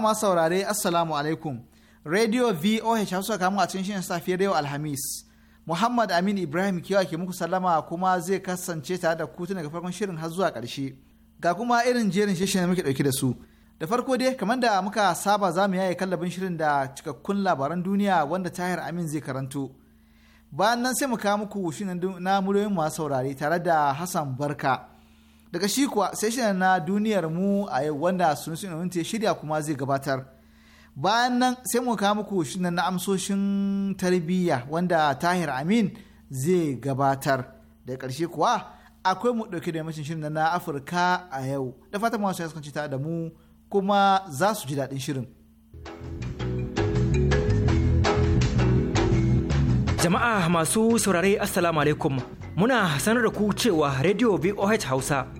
jama'a masu saurare assalamu alaikum radio voh hausa kamu a cikin shirin safiyar yau alhamis muhammad amin ibrahim kiwa ke muku sallama kuma zai kasance tare da ku daga farkon shirin har zuwa ƙarshe ga kuma irin jerin shirin da muke dauke da su da farko dai kamar da muka saba za mu yaye kallabin shirin da cikakkun labaran duniya wanda tahir amin zai karanto bayan nan sai mu kawo muku shirin na muryoyin masu saurare tare da hassan barka daga shi kuwa sai na duniyar mu a yau wanda sun suna ya shirya kuma zai gabatar bayan nan sai mu kawo muku shi na amsoshin tarbiyya wanda tahir amin zai gabatar da ƙarshe kuwa akwai mu ɗauke da yammacin shirin na afirka a yau da fatan masu yaskanci cita da mu kuma za su ji daɗin shirin jama'a masu saurare assalamu alaikum muna sanar da ku cewa radio voh hausa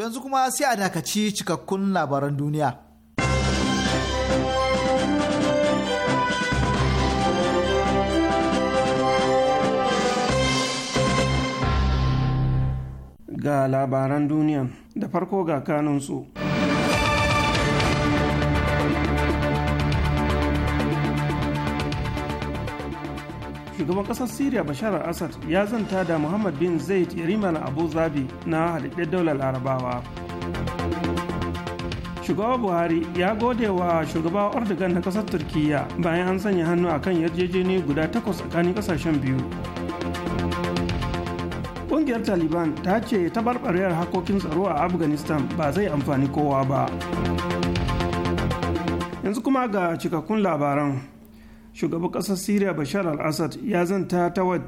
yanzu kuma sai a dakaci cikakkun labaran duniya. Ga labaran duniya da farko ga kanunsu. shugaban ƙasar syria bashar al-assad ya zanta da muhammad bin zaid yarima na abu zabi na haɗaɗɗen daular larabawa shugaba buhari ya gode wa shugaba ordogan na ƙasar turkiya bayan an sanya hannu a kan yarjejeni guda takwas tsakanin ƙasashen biyu ƙungiyar taliban ta ce tabarbarewar hakokin tsaro a afghanistan ba zai amfani kowa ba yanzu kuma ga cikakkun labaran shugaban ƙasar syria bashar al-assad ya zanta ta ho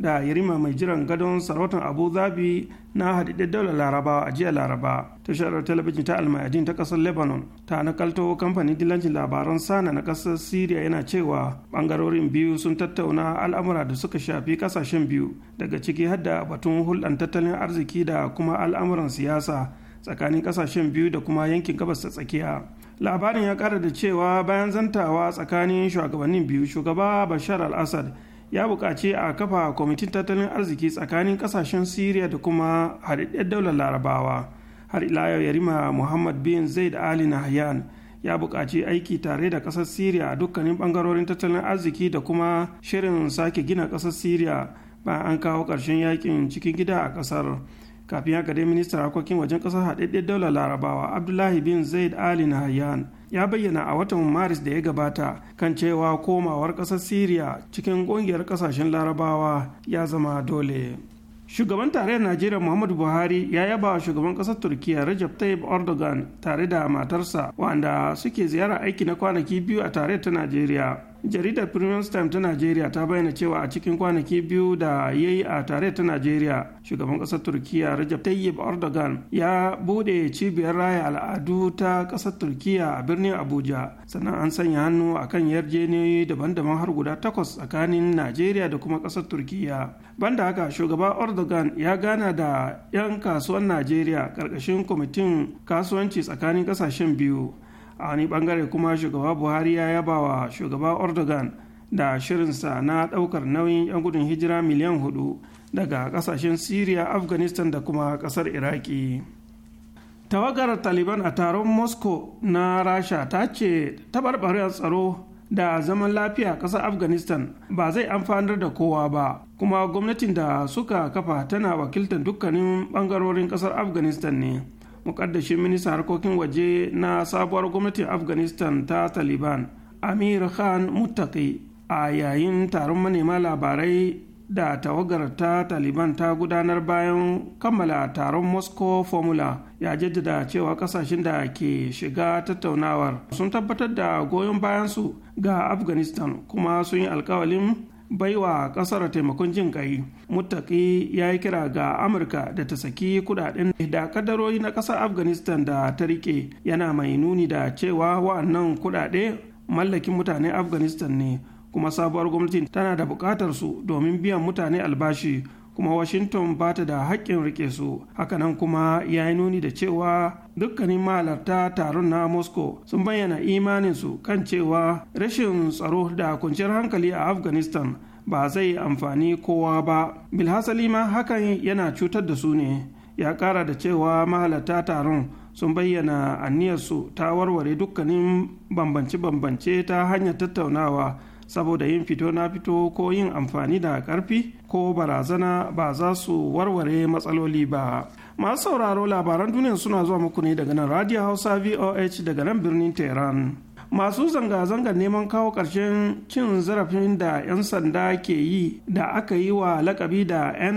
da yarima mai jiran gadon sarautar abu zabi na haɗaɗɗen daular laraba a jiya laraba tashar talabijin ta almayadin ta ƙasar lebanon ta nakalto kamfanin dilancin labaran sana na ƙasar syria yana cewa ɓangarorin biyu sun tattauna al'amura da suka shafi ƙasashen biyu daga ciki har da batun hulɗan tattalin arziki da kuma al'amuran siyasa tsakanin ƙasashen biyu da kuma yankin gabas ta tsakiya labarin ya kara da cewa bayan zantawa tsakanin shugabannin biyu shugaba bashar al-assad ya buƙaci a kafa kwamitin tattalin arziki tsakanin kasashen syria da kuma haɗaɗɗen daular larabawa har ila yau yarima muhammad bin zaid ali nahyan ya bukaci aiki tare da ƙasar syria a dukkanin ɓangarorin tattalin arziki da kuma shirin sake gina ƙasar syria bayan an kawo ƙarshen yakin cikin gida a ƙasar kafin haka dai ministan harkokin wajen kasar haɗaɗɗen daular larabawa abdullahi bin zaid ali nahyan ya bayyana a watan maris da ya gabata kan cewa komawar ƙasar syria cikin ƙungiyar ƙasashen larabawa ya zama dole shugaban tarayyar najeriya muhammadu buhari ya yaba wa shugaban ƙasar turkiya rajab tayyip erdogan tare da matarsa wanda suke ziyara aiki na kwanaki biyu a tarayyar ta najeriya jaridar premium time ta najeriya ta bayyana cewa a cikin kwanaki biyu da ya yi a tare ta najeriya shugaban ƙasar turkiya rajab tayyib erdogan ya buɗe cibiyar raya al'adu ta ƙasar turkiya a birnin abuja sannan an sanya hannu a kan yarjejeniyoyi daban-daban har guda takwas tsakanin najeriya da kuma ƙasar turkiya da haka shugaba erdogan ya gana da 'yan kasuwan najeriya ƙarƙashin kwamitin kasuwanci tsakanin ƙasashen biyu a wani bangare kuma shugaba buhari ya yaba wa shugaba erdogan da shirinsa na daukar nauyin 'yan gudun hijira miliyan hudu daga kasashen syria afghanistan da kuma kasar iraki tawagar taliban a taron moscow na rasha ta ce tabarbarewar tsaro da zaman lafiya ƙasar afghanistan ba zai amfanar da kowa ba kuma gwamnatin da suka kafa tana wakiltar dukkanin ɓangarorin ƙasar afghanistan ne mukaddashin ministan harkokin waje na sabuwar gwamnatin afghanistan ta taliban amir khan muttaqi a yayin taron manema labarai da tawagar ta taliban ta gudanar bayan kammala taron moscow formula ya jaddada cewa kasashen da ke shiga tattaunawar sun tabbatar da goyon bayansu ga afghanistan kuma sun yi alkawalin baiwa kasar taimakon jin kai mutaki ya yi kira ga amurka da ta saki kudaden da kadarori na kasar afghanistan da ta rike yana mai nuni da cewa wa'annan kudade mallakin mutane afghanistan ne kuma sabuwar gwamnati. tana da bukatar su domin biyan mutane albashi kuma washington ba ta da haƙƙin rike su hakanan kuma ya yi nuni da cewa dukkanin mahalarta taron na moscow sun bayyana imaninsu kan cewa rashin tsaro da kwanciyar hankali a afghanistan ba zai amfani kowa ba bilhassali ma hakan yana cutar da su ne ya kara da cewa mahalarta taron sun bayyana aniyarsu ta warware dukkanin bambance-bambance ta hanyar tattaunawa saboda yin fito na fito ko yin amfani da karfi ko barazana ba za su warware matsaloli ba masu sauraro labaran duniya suna zuwa muku ne daga nan radio hausa voh daga nan birnin tehran masu zanga-zangar neman kawo ƙarshen cin zarafin da 'yan sanda ke yi da aka yi wa lakabi da 'yan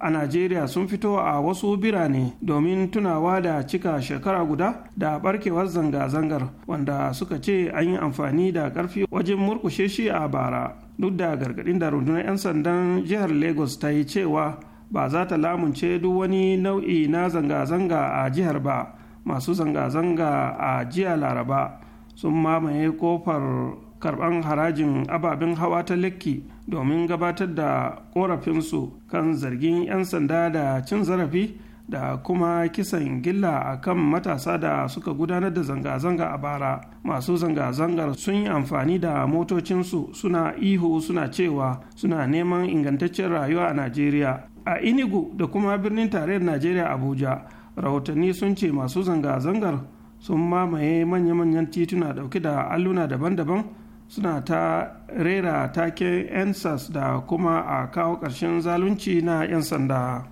a najeriya sun fito a wasu birane domin tunawa da cika shekara guda da barkewar zanga-zangar wanda suka ce an yi amfani da ƙarfi wajen murkushe shi a bara duk da gargaɗin da rundunar 'yan sandan jihar lagos ta yi cewa ba za ta lamunce duk wani nau'i na zanga-zanga a jihar ba masu zanga-zanga a jiya laraba sun mamaye kofar karban harajin ababen hawa ta lekki domin gabatar da korafinsu kan zargin 'yan sanda da cin zarafi da kuma kisan gilla a kan matasa da suka gudanar da zanga-zanga a bara masu zanga-zangar sun yi amfani da motocinsu suna ihu suna cewa suna neman ingantaccen rayuwa a najeriya a inigu da kuma birnin tarayyar najeriya abuja rahotanni sun ce masu zanga-zangar sun mamaye manya-manyan tituna dauke da alluna daban-daban suna ta rera taken 'yan da kuma a kawo ƙarshen zalunci na 'yan sanda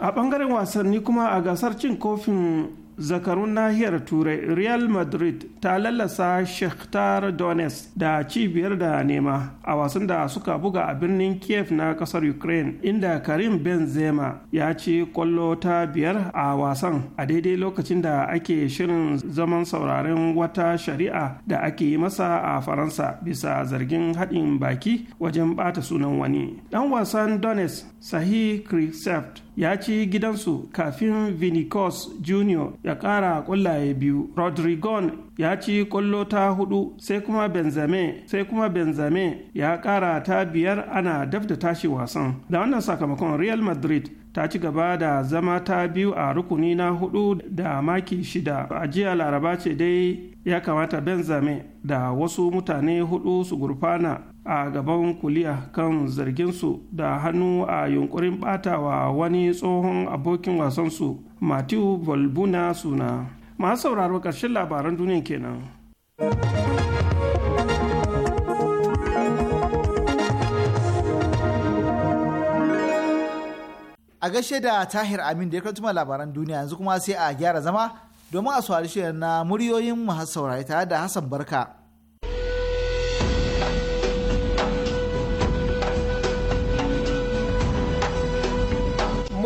a ɓangaren wasanni kuma a gasar cin kofin zakarun nahiyar turai real madrid ta lallasa shakhtar donetsk da cibiyar da nema a wasan da suka buga a birnin kiev na kasar ukraine inda karim benzema ya ci kwallo ta biyar a wasan a daidai lokacin da ake shirin zaman sauraren wata shari'a da ake yi masa a faransa bisa zargin haɗin baki wajen bata sunan wani ɗan wasan donetsk sahi kriseft ya ci gidansu kafin vinicius jr ya kara kwallaye biyu rodrigon ya ci kwallo ta hudu sai kuma benzame sai kuma benzame ya kara ta biyar ana daf da tashi wasan da wannan sakamakon real madrid ta ci gaba da zama ta biyu a rukuni na hudu da maki shida ajiya laraba ce dai ya kamata benzame da wasu mutane hudu su gurfana a gaban kuliya kan zarginsu da hannu a yunkurin batawa wani tsohon abokin wasansu matthew volbuna suna masu sauraro ƙarshen labaran duniya kenan. a gaishe da tahir amin da ya kartuma labaran duniya yanzu kuma sai a gyara zama domin a shirin na muryoyin masu saurari tare da hassan barka.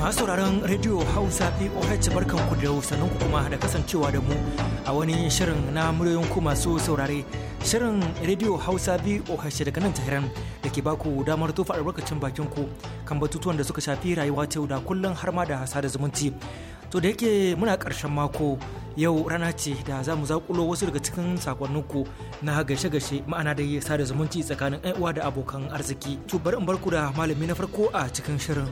masu sauraron rediyo hausa poh barkan ku da sannan ku kuma da kasancewa da mu a wani shirin na muryoyin ku masu saurare shirin rediyo hausa poh daga nan tahiran da ke baku damar tofa albarkacin bakin ku kan batutuwan da suka shafi rayuwa ta da kullum har ma da sada zumunci to da yake muna karshen mako yau rana ce da za mu zakulo wasu daga cikin ku na gashe-gashe ma'ana da sada zumunci tsakanin uwa da abokan arziki to bari in barku da malami na farko a cikin shirin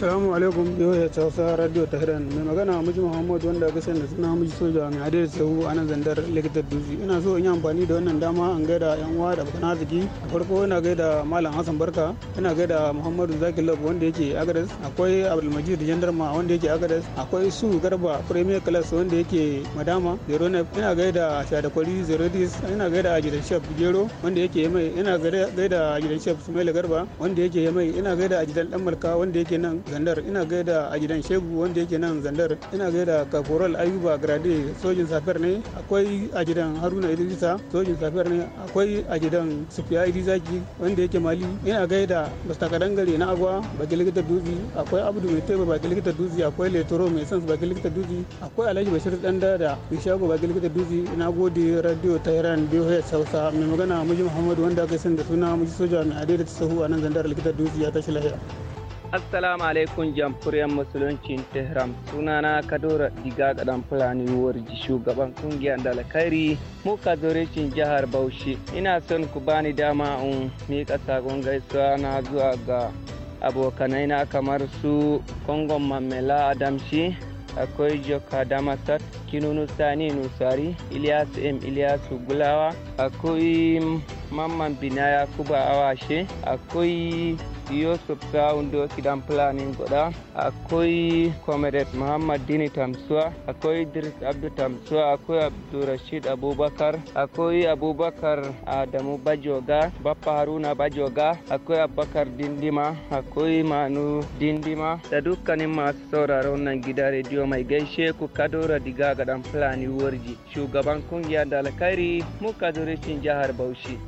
Salamu alaikum yau ya ta tausa radio ta Tehran mai magana miji Muhammad wanda ga sanda suna miji soja mai hadar sahu a nan zandar likitar duzi ina so in yi amfani da wannan dama an gaida yan uwa da abokan arziki da farko ina gaida malam Hassan Barka ina gaida Muhammadu Zaki Lab wanda yake Agadas akwai Abdulmajid Jandarma wanda yake Agadas akwai Su Garba Premier Class wanda yake Madama Zero ina gaida Shadakwari Zero Dis ina gaida Gidan shef Gero wanda yake Yamai ina gaida Gidan shef Sumaila Garba wanda yake Yamai ina gaida Gidan Dan Malka wanda yake nan zandar ina gaida a gidan shegu wanda yake nan zandar ina gaida kakoral ayuba grade sojin safiyar ne akwai a gidan haruna idrisa sojin safiyar ne akwai a gidan sufiya idrisaki wanda yake mali ina gaida mr kadangare na agwa baki likita dutse akwai abdu mai teba baki likita akwai letoro mai sans baki likita dutse akwai alhaji bashir dan da bishago baki likita dutse ina gode radio Tairan biyu ya sausa mai magana muji muhammadu wanda aka sanda suna muji soja mai adai da ta sahu a nan zandar likita dutse ya tashi lahiya Assalamu alaikum jamhuriyar musuluncin Tehran sunana Kadura Diga Kadan Fulani Warji shugaban kungiyar Dalakari muka zorecin jihar Bauchi ina son ku bani dama in mika sakon gaisuwa na zuwa ga abokanai na kamar su Kongon Mamela Adamshi akwai Joka Damasat Kinunu Sani Nusari Ilyasu M Ilyasu Gulawa akwai Mamman Binaya Kuba Awashe akwai yusuf supta doki dan fulani goda akwai comrade muhammad dini tamsuwa akwai idris abdu tamsuwa akwai abdurashid abubakar akwai abubakar adamu bajoga bappa haruna bajoga akwai abubakar dindima akwai manu dindima da dukkanin masu sauraron nan gida rediyo mai gaishe ku kadora diga dan fulani warji shugaban kungiyar da muka mu kadore jihar bauchi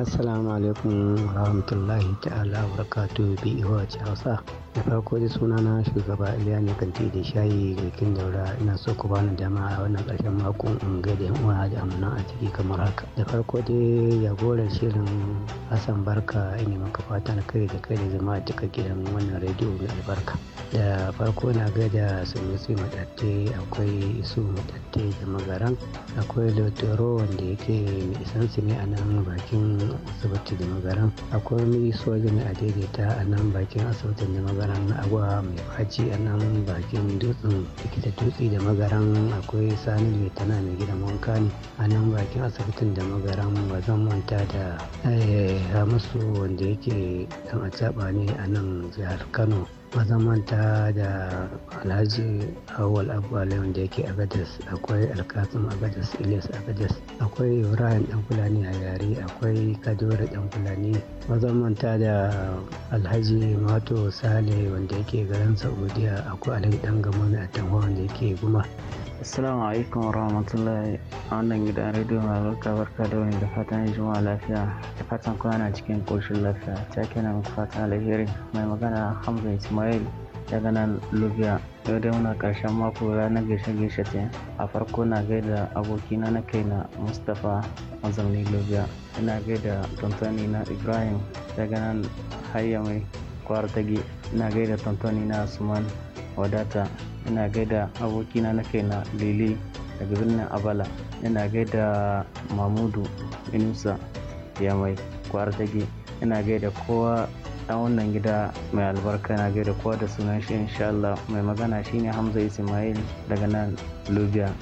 assalamu alaikum warahmatullahi ta'ala barakatuhu bi iwaci e hausa da farko da suna na shugaba iliya ne kanti da shayi rikin daura ina so ku bani dama a wannan ƙarshen mako in ga da uwa da amana a ciki kamar haka da farko dai shirin hassan barka ina maka fatan kai da kai da zama a cika gidan wannan rediyo mai albarka da farko na ga da sunusi matatte akwai isu matatte da magaran akwai lotero wanda yake mai su ne a nan bakin asibiti da magaran akwai mai soja a daidaita a nan bakin asibitin da magaran magaran agwa mai faci a nan bakin dutsen likita dutse da magaran akwai sani mai tana mai gidan wanka ne a nan bakin asibitin da magaran ba zan manta da hamisu eh, wanda yake dan a ne a nan jihar kano mazamanta da alhaji awal abu wanda yake agadas akwai alkasim agadas ilyas agadas akwai ibrahim dan fulani a yare akwai kadore dan fulani mazamanta da alhaji mato sale wanda yake garin saudiya akwai alhaji dan gamon a tanwa wanda yake guma Assalamu alaikum warahmatullahi wannan gidan rediyo mai albarka barka da wani da fatan juma'a lafiya da fatan na cikin koshin lafiya ta kenan muku fatan alheri mai magana hamza ismail daga nan lubiya yau dai muna karshen mako ranar gaishe gaishe ce a farko na gaida abokina na kaina mustapha mazauni lubiya ina gaida tantoni na ibrahim daga nan hayya mai kwartage ina gaida tantoni na suman wadata ina gaida abokina na na lele daga birnin abala ina gaida mamudu inusa ya mai kwar tage ina gaida kowa a wannan gida mai albarka na gaida kowa da sunan shi inshallah mai magana shine Hamza Ismail daga nan Lubia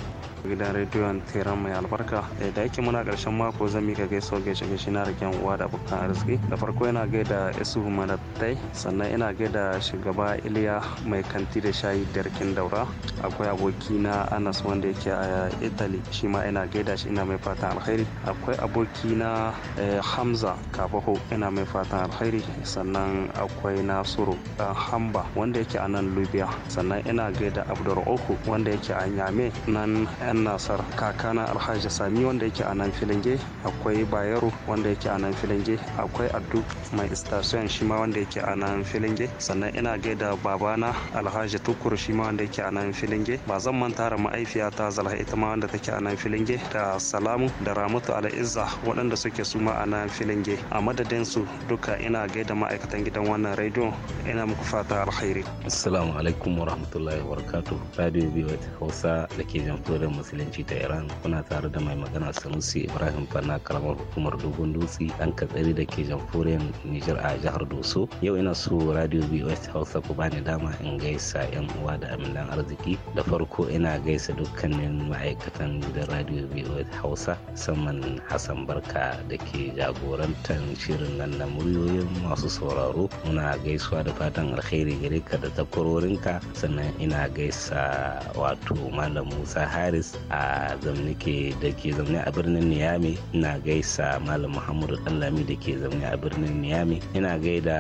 gidan rediyon tiran mai albarka da yake muna karshen mako zan mika gaisuwa gaishe gaishe na rikin uwa da abokan arziki da farko yana gaida isu madattai sannan ina da shugaba iliya mai kanti da shayi da rikin daura akwai aboki na anas wanda yake a italy shi ma ina gaida shi ina mai fatan alheri akwai aboki na eh, hamza kafaho ina mai fatan alheri sannan akwai nasiru dan eh, hamba wanda yake a nan lubiya sannan ina gaida abdur'oku wanda yake a nyame nan 'yan nasar kakana alhaji sami wanda yake a nan filange akwai bayero wanda yake a nan filange akwai addu mai station shi ma wanda yake a nan filinge sannan ina gaida babana alhaji tukur shi ma wanda yake a nan filinge ba zan manta da ma'aifiyata zalha ita ma wanda take a nan filinge da salamu da ramatu al'izza waɗanda suke suma a nan filinge a madadin su duka ina gaida ma'aikatan gidan wannan rediyo ina muku fata alkhairi assalamu alaikum wa rahmatullahi wa barakatuh radio biyu hausa da ke jamhuriyar musulunci ta iran kuna tare da mai magana sanusi ibrahim fanna kalamar hukumar dogon dutse an katsari da ke jamhuriyar Nijar a jihar Doso. Yau ina so Radio West Hausa ku bani dama in gaisa 'yan uwa da amilan arziki. Da farko ina gaisa dukkanin ma'aikatan gidan Radio West Hausa musamman Hassan Barka da ke jagorantar shirin nan na muryoyin masu sauraro. Muna gaisuwa da fatan alheri gare ka da takwarorinka sannan ina gaisa wato Malam Musa Haris a zamnike da ke zaune a birnin Niyame. Ina gaisa Malam Muhammadu Ɗanlami da ke zaune a birnin Niyami ina gaida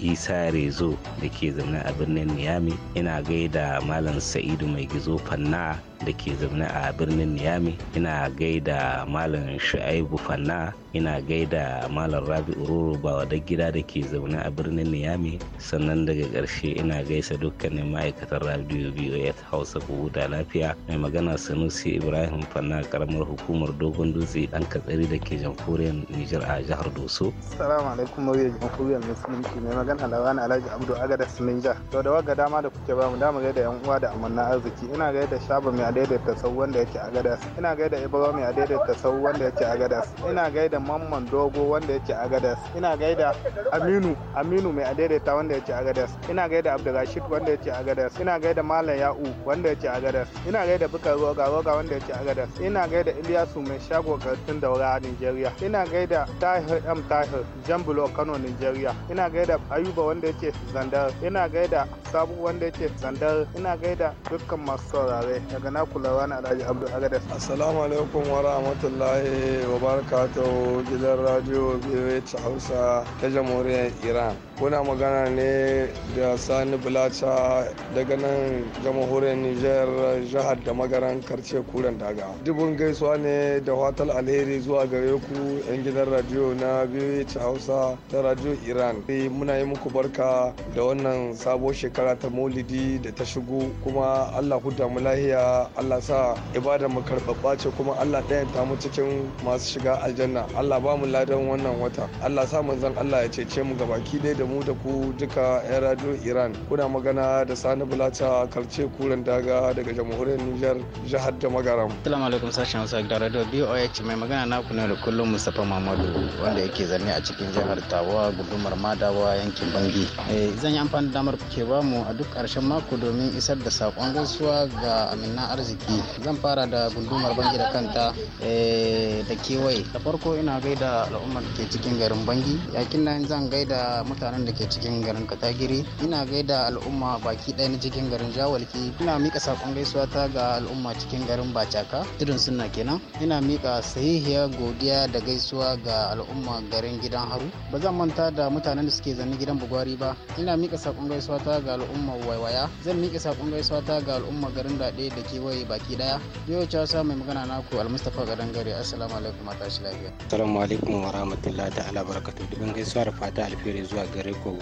Isa Rezo da ke zaune a birnin Niyami ina gaida Malam Sa'idu Mai Gizo Fanna da ke zaune a birnin Niyami. Ina gaida Malam Shu'aibu Fanna, ina gaida Malam Rabi Ururu da gida da ke zaune a birnin Niyami. Sannan daga ƙarshe ina gaisa dukkanin ma'aikatan Radio BOS Hausa ku huta lafiya. Mai magana Sanusi Ibrahim Fanna karamar hukumar Dogon Dutse ɗan katsari da ke jamhuriyar Nijar a jihar Doso. salamu alaikum mawuyar jamhuriyar Musulunci mai magana Lawan Alhaji Abdu Agada Sulinja. To da waga dama da kuke ba damar dama gaida yan uwa da amanna arziki ina gaida Shaba mai daidaita sau wanda yake a gadas ina gaida ibrahim ya daidaita sau wanda yake a gadas ina gaida mamman dogo wanda yake a gadas ina gaida aminu aminu mai a daidaita wanda yake a gadas ina gaida abdurrashid wanda yake a gadas ina gaida malam ya'u wanda yake a gadas ina gaida bukar roga roga wanda yake a gadas ina gaida iliyasu mai shago kartun daura a nigeria ina gaida tahir m tahir jambulo kano nigeria ina gaida ayuba wanda yake zandar ina gaida sabu wanda yake zandar ina gaida dukkan masu saurare daga na na kulawa na Alhaji Abdul Agadas. Assalamu alaikum wa rahmatullahi wa barakatuhu gidan radio bwh Hausa ta Jamhuriyar Iran. Kuna magana ne da Sani Bulacha daga nan Jamhuriyar niger jihar da magaran karce kuren daga. Dubun gaisuwa ne da watal alheri zuwa gare ku 'yan gidan radio na bwh Hausa ta radio Iran. Eh, muna yi muku barka da wannan sabuwar shekara ta Maulidi da ta shigo kuma Allah huta mu lahiya Allah sa ibadar mu karɓaɓɓa ce kuma Allah ɗayan ta mu cikin masu shiga aljanna Allah ba mu ladan wannan wata Allah sa manzon Allah ya cece mu baki dai da mu da ku duka 'yan radio Iran kuna magana da Sani Bulata Karce Kuren Daga daga jamhuriyar Nijar jihar da Magaram. Assalamu alaikum sashen Hausa da radio BOH mai magana naku ne da kullum Mustapha Mamadu wanda yake zanne a cikin jihar Tawa gudumar Madawa yankin Bangi. Eh, zan yi amfani da damar kuke mu a duk ƙarshen mako domin isar da saƙon gaisuwa ga Amina arziki zan fara da gundumar bangi da kanta eh, da kewaye da farko ina gaida al'ummar da ke cikin garin bangi yakin nan zan gaida mutanen da ke cikin garin katagiri ina gaida al'umma baki ɗaya na cikin garin jawalki ina mika sakon gaisuwa ta ga al'umma cikin garin bacaka tudun sunna kenan ina mika sahihiyar godiya da gaisuwa ga al'umma garin gidan haru ba zan manta da mutanen da suke zanne gidan bugwari ba ina mika sakon gaisuwa ta ga al'umma waiwaya zan mika sakon gaisuwa ta ga al'umma garin daɗe da ke BOA baki daya. Yau ta sa mai magana naku Almustafa Gadan Gare. Assalamu alaikum mata shi lafiya. Assalamu alaikum wa rahmatullahi ta ala barakatuh. Dubin gaisuwa da fata alfahari zuwa gare ku.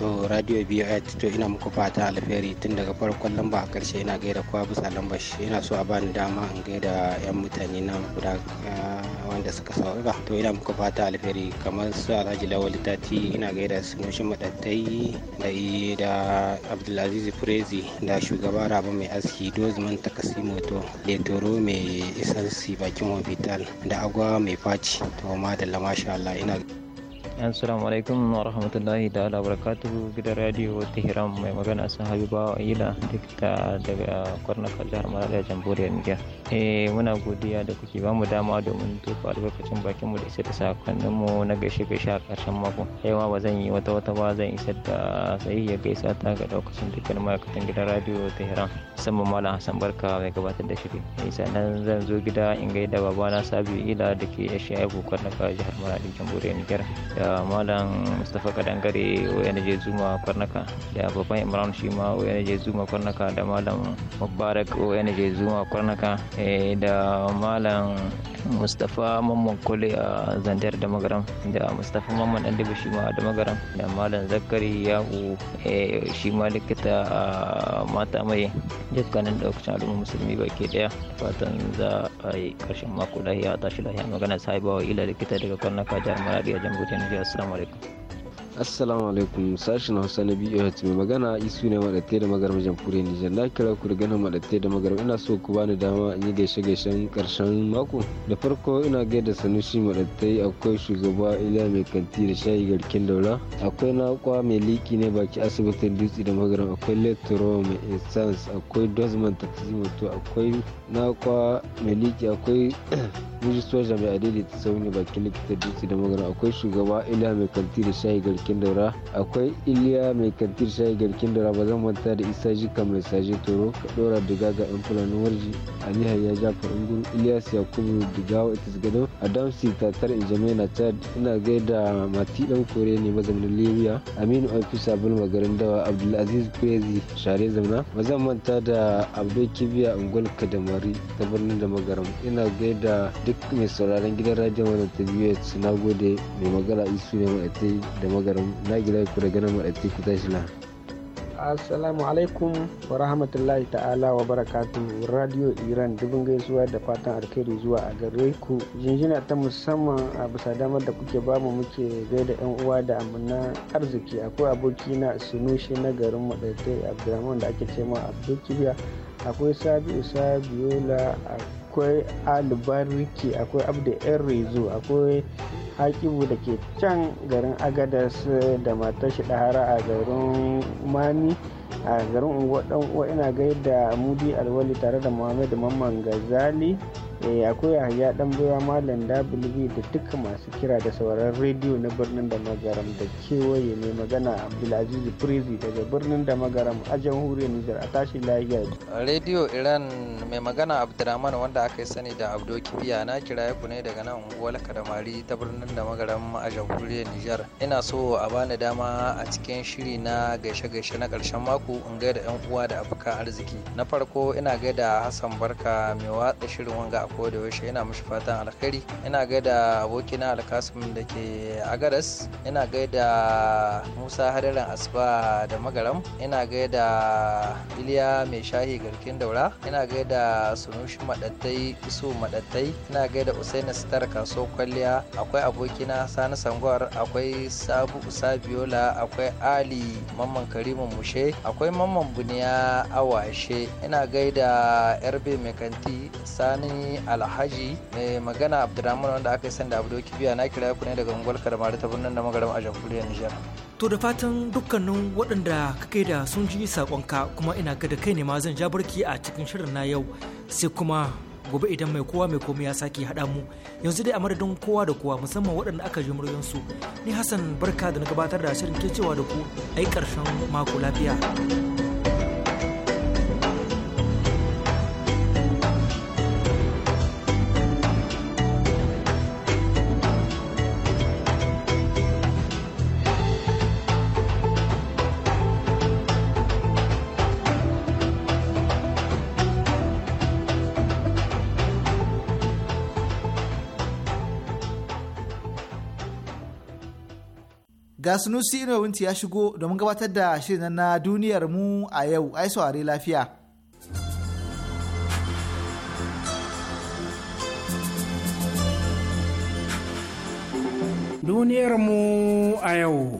To radio BOA to ina muku fata alheri tun daga farkon lamba a karshe ina gaida kowa bisa lamba shi. Ina so a bani dama in gaida yan mutane na guda ah, wanda suka ba To ina muku fata alheri kamar su Alhaji Lawal Tati ina gaida su Nushin Madattai da da Abdulaziz Firezi da shugaba Rabu Mai Aski Dozman kasimoto letoro mai isansi bakin hospital da agwa mai faci to ma da lamasha Allah ina assalamu alaikum wa rahmatullahi ta'ala barakatuhu gidan radio tehran mai magana sun habiba ila dikta daga kwarnaka jihar malaya jamhuriyar niger eh muna godiya da kuke ba mu dama domin tofa albarkacin bakin mu da isa da sakonnin mu na gaishe gaishe a karshen mako yau ba zan yi wata wata ba zan isa da sahiya gaisa ta ga daukacin dukkan ma'aikatan gidan radio tehran musamman malam hassan barka mai gabatar da shirin eh sannan zan zo gida in gaida babana sabi ila da ke ya shi aibu kwarnaka jihar malaya jamhuriyar niger da da malam mustapha kadangare wayan je zuma kwarnaka da babban imran shi ma wayan je zuma kwarnaka da malam mubarak wayan je zuma kwarnaka eh, da malam mustapha mamman kole a zandar da magaram da mustapha mamman dan dubu shi ma da magaram da malam zakari yahu eh, shi ma likita a mata mai dukkanin daukacin al'umma musulmi baki daya fatan za a yi karshen mako lahiya tashi lahiya magana wa ila likita daga kwarnaka jihar maradi a jamhuriyar शुक्रिया अस्सलाम वालेकुम assalamu alaikum sashen hausa na biyu ya mai magana isu ne maɗatai da magarba jamhuriyar nijar na kira ku da ganin maɗatai da magarba ina so ku bani dama in yi gaishe gaishen karshen mako da farko ina gaida sanushi maɗatai akwai shugaba iliya mai kanti da shayi garkin daura akwai nakwa mai liki ne baki asibitin dutse da magaram akwai letoro mai essence akwai dozman taxi moto akwai nakwa mai liki akwai muji soja mai ta sauni baki likita dutse da magaram akwai shugaba iliya mai kanti da shayi garkin garkin daura akwai iliya mai kantir shayi garkin daura ba zan manta da isa jika mai saje toro ka dora diga ga yan fulani warji ali hayya jafar ungun ilyas yakubu digawa itis gado adamsi tatar injamena chad ina gaida mati dan kore ne mazaunin libya aminu ofisa Sabul Magarin dawa abdulaziz kwezi share zamna ba zan manta da abdu kibiya ungul kadamari ta birnin da magaram ina gaida duk mai sauraron gidan rajin wannan ta biyu na gode mai magana isu ne mai da magana da ganin ku Assalamu alaikum wa rahmatullahi ta'ala wa barakatu. Radio Iran dubin gaisuwa da fatan alkhairi zuwa a gare ku. Jinjina ta musamman a bisa damar da kuke bamu muke gaida yan uwa da amina arziki akwai aboki na Sunushi na garin Madaite Abdulrahman da ake cewa Abdul Kibiya akwai Sabiu Sabiola akwai Alibariki akwai Abdu Rezo akwai hakibu da ke can garin agadas da matar shi dahara a garin mani a garin unguwar ɗan uwa ina gaida mudi alwali tare da muhammadu mamman gazali Eh, akwai yahaya dan buya malam w da duka masu kira da sauran rediyo na birnin da magaram da kewaye mai magana abdulaziz prezi daga birnin da magaram a jamhuriyar nijar a tashi lahiya rediyo iran mai magana abdulrahman wanda aka yi sani da abdo kibiya na kira ku ne daga nan unguwar kadamari ta birnin da magaram a jamhuriyar nijar ina so a bani dama a cikin shiri na gaishe-gaishe na karshen mako in gaida yan uwa da abokan arziki na farko ina gaida hassan barka mai watsa shirin wanga ko da yaushe ina mishi fatan alkhairi ina gaida abokina alkasim da ke agaras ina gaida musa hadarin asuba da magaram ina gaida iliya mai shahi garkin daura ina gaida sunushi madattai isu madattai ina gaida usaini sitar kaso kwalliya akwai abokina sani sangwar akwai sabu sabiola akwai ali mamman karimu mushe akwai mamman buniya awashe ina gaida yarbe mai kanti sani alhaji mai magana abdulrahman wanda aka yi sanda abu doki biya na kira ku ne daga unguwar karama ta birnin da magaram a jamhuriyar nijar to da fatan dukkanin waɗanda kake da sun ji sakonka kuma ina ga da kai ne ma zan ja barki a cikin shirin na yau sai kuma gobe idan mai kowa mai komai ya sake haɗa mu yanzu dai a madadin kowa da kowa musamman waɗanda aka ji su ni hassan barka da na gabatar da shirin ke cewa da ku ai ƙarshen mako lafiya ga sunusi winti ya shigo domin gabatar da shirin na duniyar mu a yau ai saurare lafiya duniyar mu a yau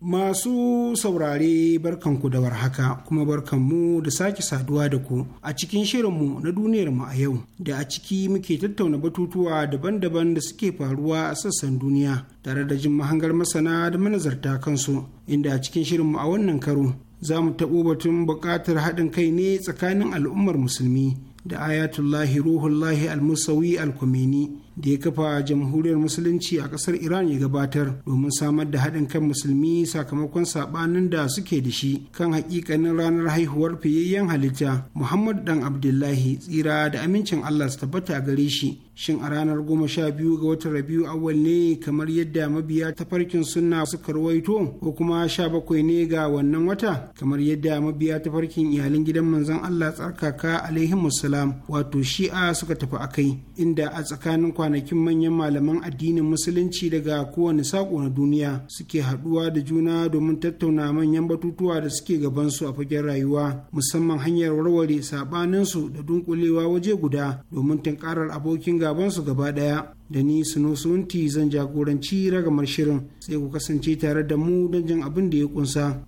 Masu saurare barkanku da warhaka kuma barkanmu da sake saduwa da ku a cikin shirinmu na duniyarmu a yau da a ciki muke tattauna batutuwa daban-daban da suke faruwa a sassan duniya tare da jin mahangar masana da manazarta kansu inda a cikin shirinmu a wannan karo za mu taɓo batun buƙatar haɗin kai ne tsakanin al'ummar musulmi da ayatullahi ruhullahi al-musawi al-kumeni da ya kafa jamhuriyar musulunci a kasar iran ya gabatar domin samar da haɗin kan musulmi sakamakon saɓanin da suke da shi kan hakikanin ranar haihuwar fiyayyen halitta muhammad dan abdullahi tsira da amincin allah su tabbata a gare shi shin a ranar goma sha biyu ga watan rabiu awal ne kamar yadda mabiya tafarkin sunna suka rawaito ko kuma sha bakwai ne ga wannan wata kamar yadda mabiya tafarkin iyalin gidan manzon allah tsarkaka alaihim musalam wato shi'a suka tafi a kai. inda a tsakanin kwanakin manyan malaman addinin musulunci daga kowane saƙo na duniya suke haɗuwa da juna domin tattauna manyan batutuwa da suke gabansu a fagen rayuwa musamman hanyar warware saɓaninsu da dunkulewa waje guda domin tunƙarar abokin ga. gabansu gaba ɗaya da ni suno sunti zan jagoranci ragamar shirin sai ku kasance tare da mu don jin abin da ya kunsa.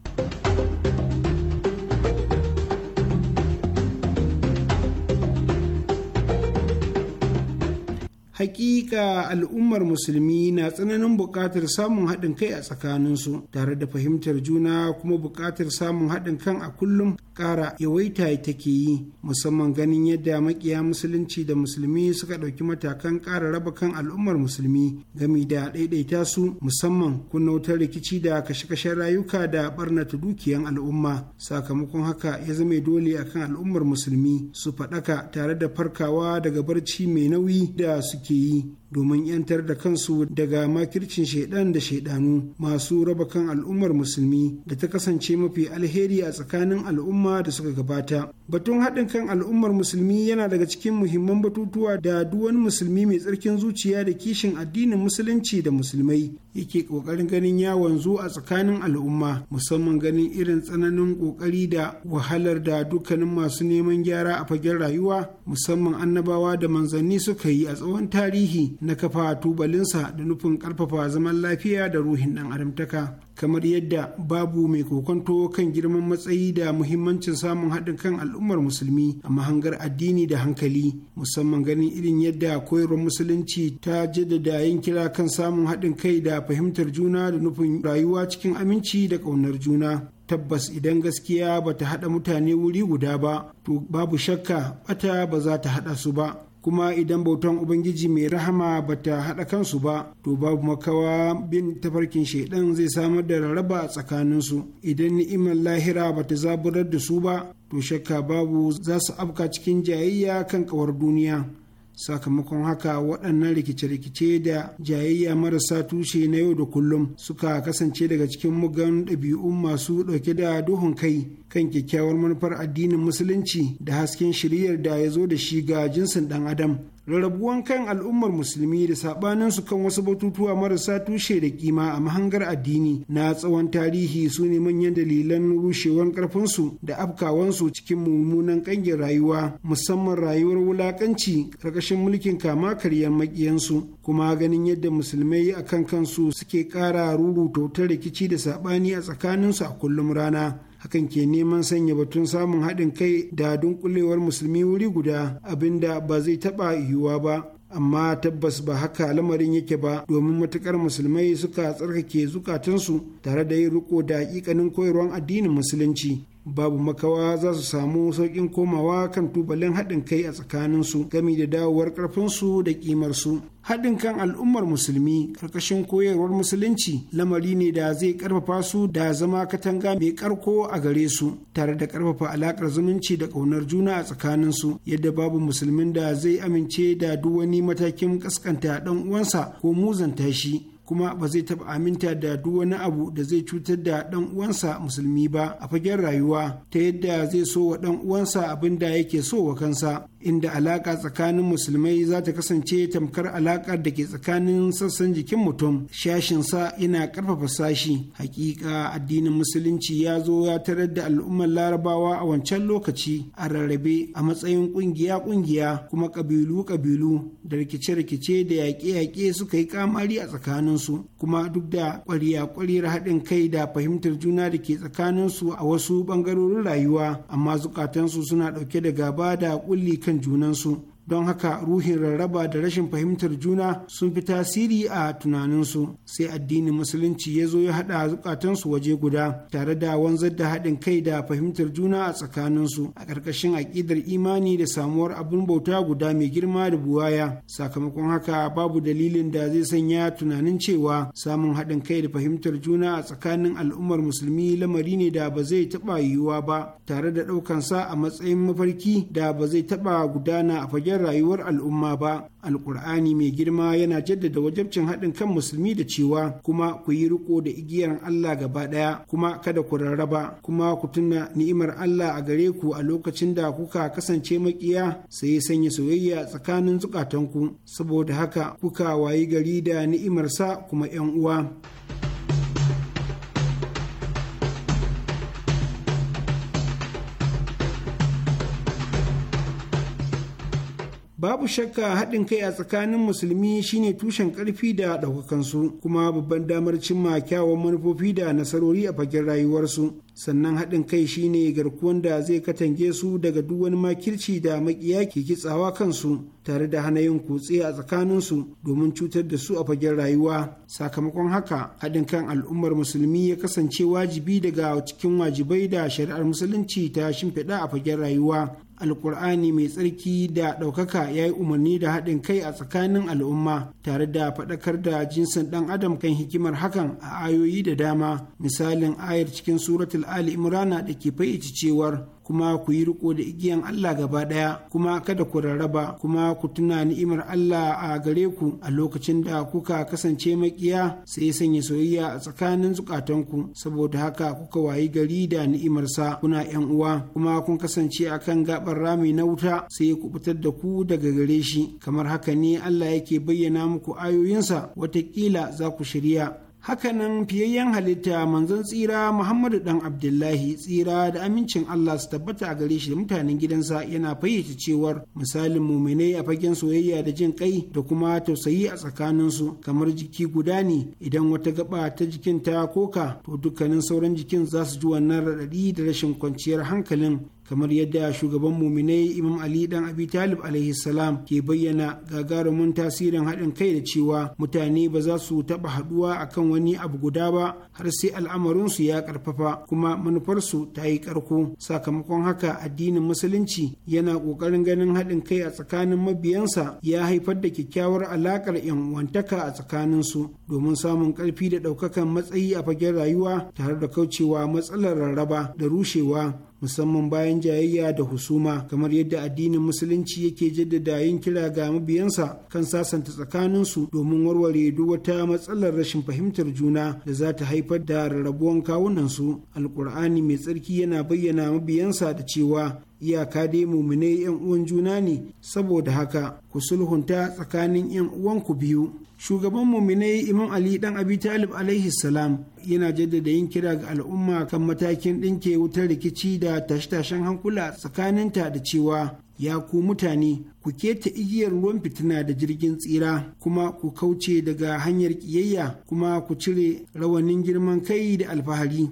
hakika al'ummar musulmi na tsananin buƙatar samun haɗin kai a tsakaninsu tare da fahimtar juna kuma buƙatar samun haɗin kan a kullum ƙara yawaita take yi musamman ganin yadda makiya musulunci da musulmi suka ɗauki matakan ƙara raba kan al'ummar musulmi gami da ɗaiɗaita su musamman kunna rikici da kashe-kashen rayuka da ɓarnata dukiyan al'umma sakamakon haka ya zama dole akan al'ummar musulmi su faɗaka tare da farkawa daga barci mai nauyi da suke 第一。domin yantar da kansu daga makircin shaidan da shaidanu masu raba kan al'ummar musulmi da ta kasance mafi alheri a tsakanin al'umma da suka gabata batun haɗin kan al'ummar musulmi yana daga cikin muhimman batutuwa da duwan musulmi mai tsarkin zuciya da kishin addinin musulunci da musulmai yake ƙoƙarin ganin yawon wanzu a tsakanin al'umma musamman ganin irin tsananin ƙoƙari da wahalar da dukkanin masu neman gyara a fagen rayuwa musamman annabawa da manzanni suka yi a tsawon tarihi na kafa tubalinsa da nufin karfafa zaman lafiya da ruhin ɗan adamtaka kamar yadda babu mai kokonto kan girman matsayi da muhimmancin samun haɗin kan al'ummar musulmi a mahangar addini da hankali musamman ganin irin yadda koyarwar musulunci ta jaddada yin kira kan samun haɗin kai da fahimtar juna da nufin rayuwa cikin aminci da ƙaunar juna tabbas idan gaskiya ba ta haɗa mutane wuri guda ba to babu shakka ɓata ba za ta haɗa su ba kuma idan bautan ubangiji mai rahama bata haɗa kansu ba to babu makawa bin tafarkin shaidan zai samar da rarraba a tsakaninsu idan ni'imar lahira bata zaburar da su ba to shakka babu za su afka cikin jayayya kan ƙawar duniya sakamakon haka waɗannan rikice-rikice da jayayya marasa tushe na yau da kullum suka kasance daga cikin mugan ɗabi'un masu ɗauke da duhun kai kan kyakkyawar manufar addinin musulunci da hasken shiriyar da ya zo da shi ga jinsin ɗan adam rarrabuwan kan al'ummar musulmi da sabanin kan wasu batutuwa marasa tushe da kima a mahangar addini na tsawon tarihi su ne manyan dalilan rushewar karfinsu da afkawansu cikin mummunan kangin rayuwa musamman rayuwar wulakanci karkashin mulkin kama karyar makiyansu kuma ganin yadda musulmai a kan kansu suke kara ruruta rikici da sabani a tsakaninsu a kullum rana hakan ke neman sanya batun samun haɗin kai da dunkulewar musulmi wuri guda abinda ba zai taɓa yiwuwa ba amma tabbas ba haka lamarin yake ba domin matukar musulmai suka tsarkake zukatansu tare da yin riko da hakikanin koyarwar addinin musulunci babu makawa za su samu sauƙin komawa kan tubalin haɗin kai a tsakaninsu gami da dawowar ƙarfinsu da ƙimarsu. haɗin kan al'ummar musulmi ƙarƙashin koyarwar musulunci lamari ne da zai ƙarfafa su da zama katanga mai ƙarko a gare su tare da ƙarfafa alaƙar zumunci da ƙaunar juna a tsakaninsu, yadda babu musulmin da zai amince da duk wani matakin ƙasƙanta ɗan uwansa ko muzanta shi kuma ba zai taɓa aminta da duk wani abu da zai cutar da ɗan uwansa musulmi ba a fagen rayuwa ta yadda zai so wa ɗan uwansa abin da yake so wa kansa inda alaƙa tsakanin musulmai za ta kasance tamkar alaƙar da ke tsakanin sassan jikin mutum shashinsa yana ƙarfafa sashi hakika addinin musulunci ya zo ya tarar da al'ummar larabawa a wancan lokaci a rarrabe a matsayin ƙungiya ƙungiya kuma ƙabilu ƙabilu da rikice-rikice da yaƙe-yaƙe suka yi kamari a tsakaninsu kuma duk da ƙwarya ƙwariyar haɗin kai da fahimtar juna da ke tsakaninsu a wasu ɓangarorin rayuwa amma zukatansu suna ɗauke da gaba da ƙulli kan junansu don haka ruhin rarraba da rashin fahimtar juna sun fi tasiri a tunaninsu sai addinin musulunci ya zo ya haɗa zukatansu waje guda tare da wanzar da haɗin kai da fahimtar juna a tsakaninsu a ƙarƙashin aƙidar imani da samuwar abin bauta guda mai girma da buwaya sakamakon haka babu dalilin da zai sanya tunanin cewa samun haɗin kai da fahimtar juna a tsakanin al'ummar musulmi lamari ne da ba zai taɓa yiwuwa ba tare da ɗaukansa a matsayin mafarki da ba zai taɓa gudana a fage fagen rayuwar al'umma ba alkur'ani mai girma yana jaddada wajabcin haɗin kan musulmi da cewa kuma ku yi riko da igiyar Allah gaba ɗaya kuma kada ku rarraba kuma ku tuna ni'imar Allah a gare ku a lokacin da kuka kasance makiya sai sanya soyayya tsakanin zukatanku saboda haka kuka wayi gari da ni'imarsa kuma 'yan uwa. babu shakka haɗin kai a tsakanin musulmi shine tushen ƙarfi da ɗaukakansu kuma babban damar cimma kyawun manufofi da nasarori a fagen rayuwarsu sannan haɗin kai shine garkuwan da zai katange su daga duk wani makirci da makiya ke kitsawa kansu tare da hana yin kutse a tsakaninsu domin cutar da su a fagen rayuwa sakamakon haka haɗin kan al'ummar musulmi ya kasance wajibi daga cikin wajibai da shari'ar musulunci ta shimfiɗa a fagen rayuwa alkur'ani mai tsarki da ɗaukaka ya yi umarni da haɗin kai a tsakanin al'umma tare da faɗakar da jinsin ɗan adam kan hikimar hakan a ayoyi da dama misalin ayar cikin suratul ali imrana da ke fayyace cewar kuma ku yi riko da igiyan Allah gaba ɗaya kuma kada ku rarraba kuma ku tuna ni'imar Allah a gare ku a lokacin da kuka kasance makiya sai ya sanya soyayya a tsakanin zukatanku saboda haka kuka wayi gari da ni'imarsa kuna yan uwa kuma kun kasance akan gabar rami na wuta sai ya kubutar da ku daga gare shi kamar haka ne Allah yake bayyana muku ayoyinsa watakila za ku shirya hakanan fiyayyen halitta manzon tsira muhammadu dan abdullahi tsira da amincin allah su tabbata a gare shi da mutanen gidansa yana fayyace cewar misalin muminai a fagen soyayya da jin kai da kuma tausayi a tsakaninsu kamar jiki guda ne idan wata gaba ta jikin ta koka to dukkanin sauran jikin za su ji wannan raɗaɗi da rashin kwanciyar hankalin kamar yadda shugaban muminai imam ali dan abi talib alaihi salam ke bayyana gagarumin tasirin haɗin kai da cewa mutane ba za su taɓa haɗuwa akan wani abu guda ba har sai al'amarinsu ya ƙarfafa kuma manufarsu ta yi ƙarko sakamakon haka addinin musulunci yana ƙoƙarin ganin haɗin kai a tsakanin mabiyansa ya haifar da kyakkyawar alaƙar yan uwantaka a tsakaninsu domin samun ƙarfi da ɗaukakan matsayi a fagen rayuwa tare da kaucewa matsalar rarraba da rushewa musamman bayan jayayya da husuma kamar yadda addinin musulunci yake jaddada yin kira ga mabiyansa kan sasanta tsakaninsu domin warware duk wata matsalar rashin fahimtar juna da za ta haifar da rarrabuwan kawunansu alkur'ani mai tsarki yana bayyana mabiyansa da cewa iyaka dai muminai yan uwan juna ne saboda haka ku sulhunta tsakanin yan uwan ku biyu shugaban muminai imam ali dan abi talib alaihi salam yana jaddada yin kira ga al'umma kan matakin ɗinke wutar rikici da tashe-tashen hankula tsakaninta da cewa ya ku mutane ku keta igiyar ruwan fitina da jirgin tsira kuma ku kauce daga hanyar kiyayya kuma ku cire rawanin girman kai da alfahari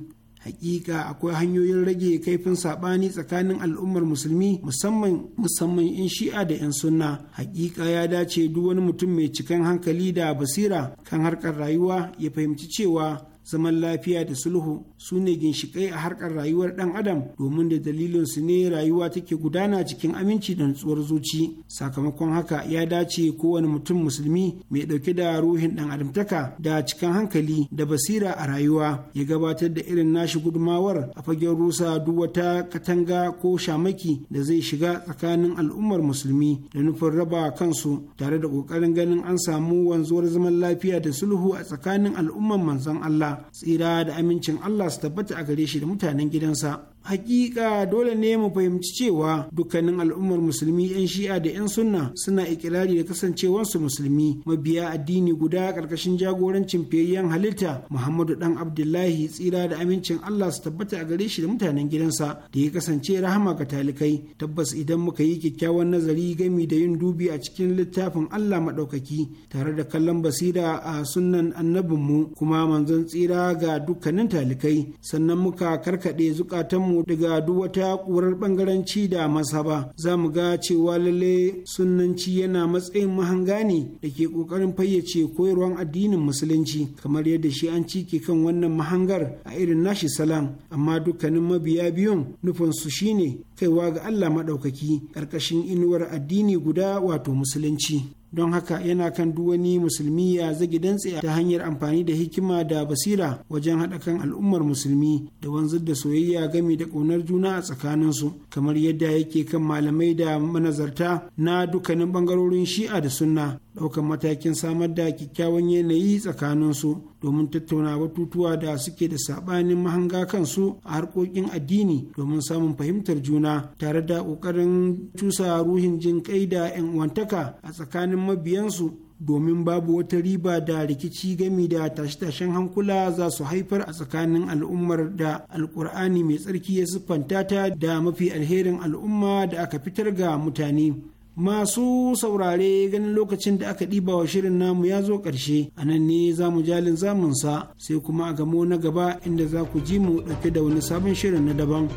hakika akwai hanyoyin rage kaifin sabani tsakanin al'ummar musulmi musamman musamman in shi'a da 'yan sunna hakika ya dace duk wani mutum mai cikan hankali da basira kan harkar rayuwa ya fahimci cewa zaman lafiya da sulhu su ne ginshiƙai a harkar rayuwar ɗan adam domin da dalilin su ne rayuwa take gudana cikin aminci da nutsuwar zuci sakamakon haka ya dace kowane mutum musulmi mai ɗauke da ruhin ɗan adamtaka da cikin hankali da basira a rayuwa ya gabatar da irin nashi gudumawar a fagen rusa duk wata katanga ko shamaki da zai shiga tsakanin al'ummar musulmi da nufin raba kansu tare da ƙoƙarin ganin an samu wanzuwar zaman lafiya da sulhu a tsakanin al'ummar manzon Allah tsira da amincin Allah su tabbata a gare shi da mutanen gidansa hakika dole ne mu fahimci cewa dukkanin al'ummar musulmi 'yan shi'a da 'yan sunna suna ikirari da kasancewarsu musulmi mabiya addini guda karkashin jagorancin fiyayyen halitta muhammadu dan abdullahi tsira da amincin allah su tabbata a gare shi da mutanen gidansa da ya kasance rahama ga talikai tabbas idan muka yi kyakkyawan nazari gami da yin dubi a cikin littafin allah maɗaukaki tare da kallon basira a sunnan annabinmu kuma manzon tsira ga dukkanin talikai sannan muka karkaɗe zukatan samu daga duk wata ƙurar bangaranci da ba. za mu ga cewa lalle sunanci yana matsayin mahanga ne da ke ƙoƙarin fayyace koyarwar addinin musulunci kamar yadda shi an cike kan wannan mahangar a irin nashi salam amma dukkanin mabiya biyun nufin su shine kaiwa ga Allah maɗaukaki ƙarƙashin inuwar addini guda wato musulunci. don haka yana kan duwani musulmi ya zagi dantse ta hanyar amfani da hikima da basira wajen haɗa kan al'ummar musulmi da wanzar da soyayya gami da ƙaunar juna a tsakaninsu kamar yadda yake kan malamai da manazarta na dukkanin ɓangarorin shi'a da sunna daukan matakin samar da kyakkyawan yanayi tsakanin su domin tattauna batutuwa da suke da sabanin mahanga kansu a harkokin addini domin samun fahimtar juna tare da ƙoƙarin cusa ruhin jin kai da 'yan uwantaka a tsakanin mabiyansu domin babu wata riba da rikici gami da tashe-tashen hankula za su haifar a tsakanin al'ummar da alkur'ani mai tsarki ya siffanta ta da mafi alherin al'umma da aka fitar ga mutane masu saurare ganin lokacin da aka ɗiba wa shirin namu ya zo ƙarshe a nan ne za mu jalin zamunsa sai kuma a gamo na gaba inda za ku ji mu ɗauke da wani sabon shirin na daban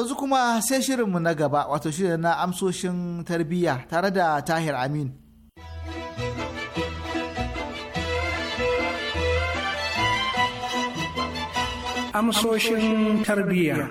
yanzu kuma sai shirinmu na gaba wato shirin na amsoshin tarbiyya tare da tahir amin amsoshin tarbiyya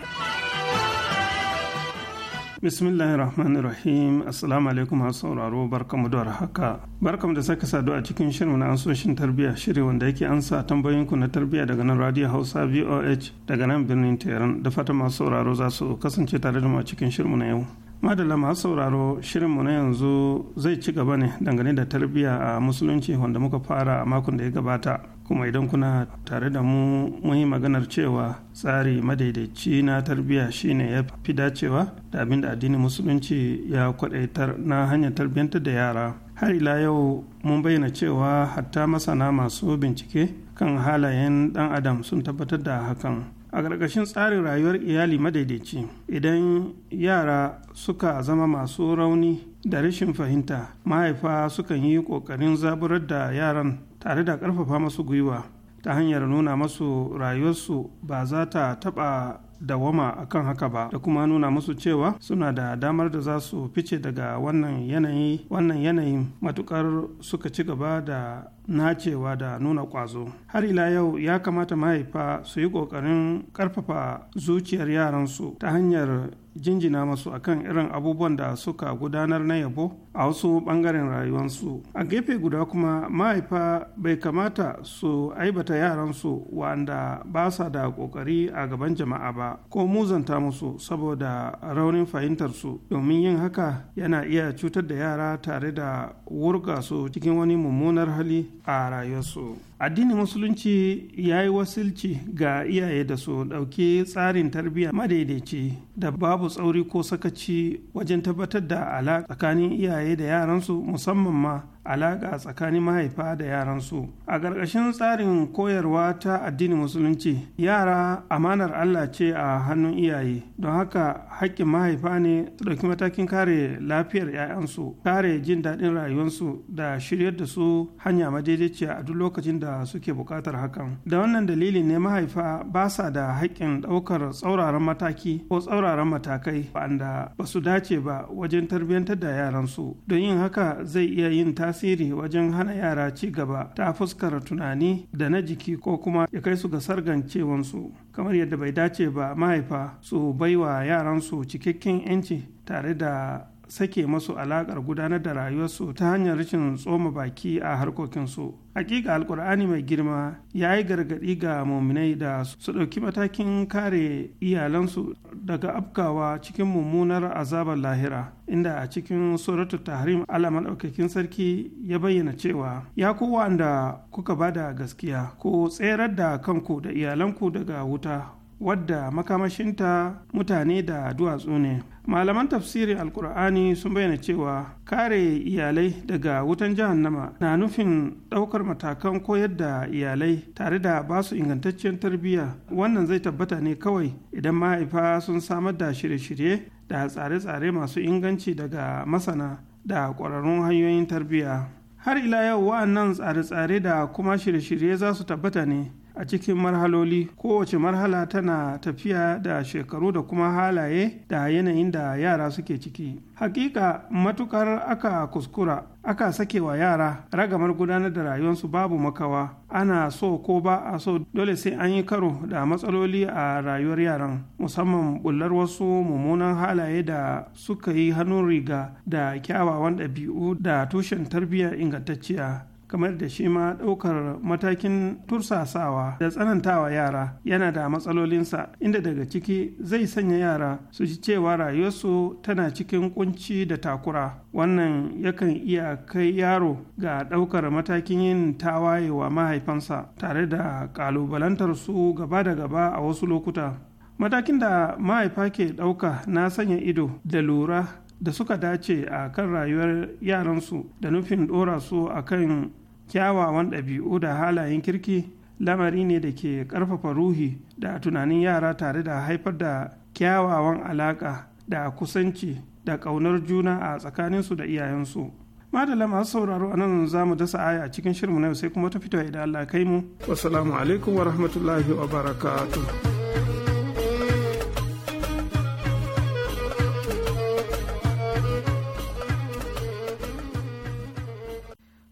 bismillahi rahmanir rahim assalamu alaikum masu sauraro barkamu da haka barkamu da sake sadu a cikin shirin na ansoshin tarbiyya shirin wanda yake ansa tambayoyinku na tarbiyya daga nan radio hausa voh daga nan birnin tehran da fata masu sauraro za su kasance tare da mu a cikin shirin na yau madalla masu sauraro shirinmu na yanzu zai ci gaba ne dangane da tarbiyya a musulunci wanda muka fara a makon da ya gabata kuma idan kuna tare da mu yi maganar cewa tsari madaidaici na tarbiyya shine ya fi dacewa da abin da addinin musulunci ya kwadaitar na hanyar tarbiyyantar da yara har ila yau mun bayyana cewa hatta masana masu bincike kan halayen dan adam sun tabbatar da hakan a ƙarƙashin tsarin rayuwar iyali madaidaici idan yara suka zama masu rauni da rashin fahimta mahaifa sukan yi ƙoƙarin zaburar da yaran tare da ƙarfafa masu gwiwa ta hanyar nuna masu rayuwarsu ba za ta taɓa dawama akan haka ba da kuma nuna musu cewa suna da damar da za su fice daga wannan yanayi wannan yanayin matukar suka ci gaba da nacewa da nuna kwazo har ila yau ya kamata mahaifa su yi kokarin karfafa zuciyar yaransu ta hanyar jinjina masu akan irin abubuwan da suka gudanar na yabo a wasu bangaren rayuwarsu a gefe guda kuma mahaifa bai kamata su aibata yaransu wanda ba sa da kokari a gaban jama'a ba ko muzanta musu saboda raunin fahimtarsu domin yin haka yana iya cutar da yara tare da wurga su cikin wani mummunar hali a rayuwarsu addinin musulunci ya yi wasilci ga iyaye da su ɗauki tsarin tarbiyya madaidaici da babu tsauri ko sakaci wajen tabbatar da alaƙa tsakanin iyaye da yaransu musamman ma alaƙa tsakanin mahaifa da yaransu a ƙarƙashin tsarin koyarwa ta addinin musulunci yara amanar allah ce a hannun iyaye don haka haƙƙin mahaifa ne su ɗauki matakin kare lafiyar 'ya'yansu kare jin daɗin rayuwarsu da shiryar da su hanya madaidaiciya a duk lokacin da suke buƙatar hakan da wannan dalilin ne mahaifa ba sa da haƙƙin ɗaukar tsauraran mataki ko tsauraran matakai waɗanda ba su dace ba wajen tarbiyyantar da yaransu don yin haka zai iya yin tasiri tasiri wajen hana yara ci gaba ta fuskar tunani da na jiki ko kuma ya kai su ga sargancewansu kamar yadda bai dace ba mahaifa su baiwa yaransu cikakken 'yanci tare da sake masu alaƙar gudanar da rayuwarsu ta hanyar rashin tsoma baki a harkokinsu. Hakika alkur'ani mai girma ya yi gargaɗi ga muminai da su ɗauki matakin kare iyalansu daga afkawa cikin mummunar azabar lahira. Inda a cikin suratu tahrim alamar ɗaukakin sarki ya bayyana cewa ya kowa da kuka bada gaskiya ko tserar da kanku da iyalanku daga wuta wadda makamashinta mutane da duwatsu ne malaman tafsirin alkur'ani sun bayyana cewa kare iyalai daga wutan jahannama na nufin ɗaukar matakan koyar da iyalai tare da ba su ingantacciyar tarbiyya wannan zai tabbata ne kawai idan mahaifa sun samar da shirye-shirye da tsare-tsare masu inganci daga masana da ƙwararrun hanyoyin tarbiyya har ila yau wa'annan tsare-tsare da kuma shirye-shirye za su tabbata ne a cikin marhaloli kowace marhala tana tafiya da shekaru da kuma halaye da yanayin da yara suke ciki hakika matukar aka kuskura aka sake wa yara ragamar gudanar da rayuwarsu babu makawa ana so ko ba a so dole sai an yi karo da matsaloli a rayuwar yaran musamman bullar wasu mummunan halaye da suka yi hannun riga da kyawawan ɗabi'u da tushen tarbiyyar ingantacciya kamar da shi ma ɗaukar matakin tursasawa da tsanantawa yara yana da matsalolinsa inda daga ciki zai sanya yara su ji cewa rayuwarsu tana cikin kunci da takura wannan yakan iya kai yaro ga ɗaukar matakin yin tawayewa mahaifansa tare da ƙalubalantar su gaba da gaba a wasu lokuta matakin da mahaifa ke ɗauka na sanya ido da lura da suka dace a kan rayuwar yaransu da nufin ɗora su a kan kyawawan ɗabi'u da halayen kirki lamari ne da ke ƙarfafa ruhi da tunanin yara tare da haifar da kyawawan alaƙa da kusanci da ƙaunar juna a tsakaninsu da iyayensu. madalla masu sauraro a nan za mu dasa aya a cikin shirin na yau sai kuma ta fito idan Allah kai mu. wasu alaikum wa rahmatullahi wa barakatuh.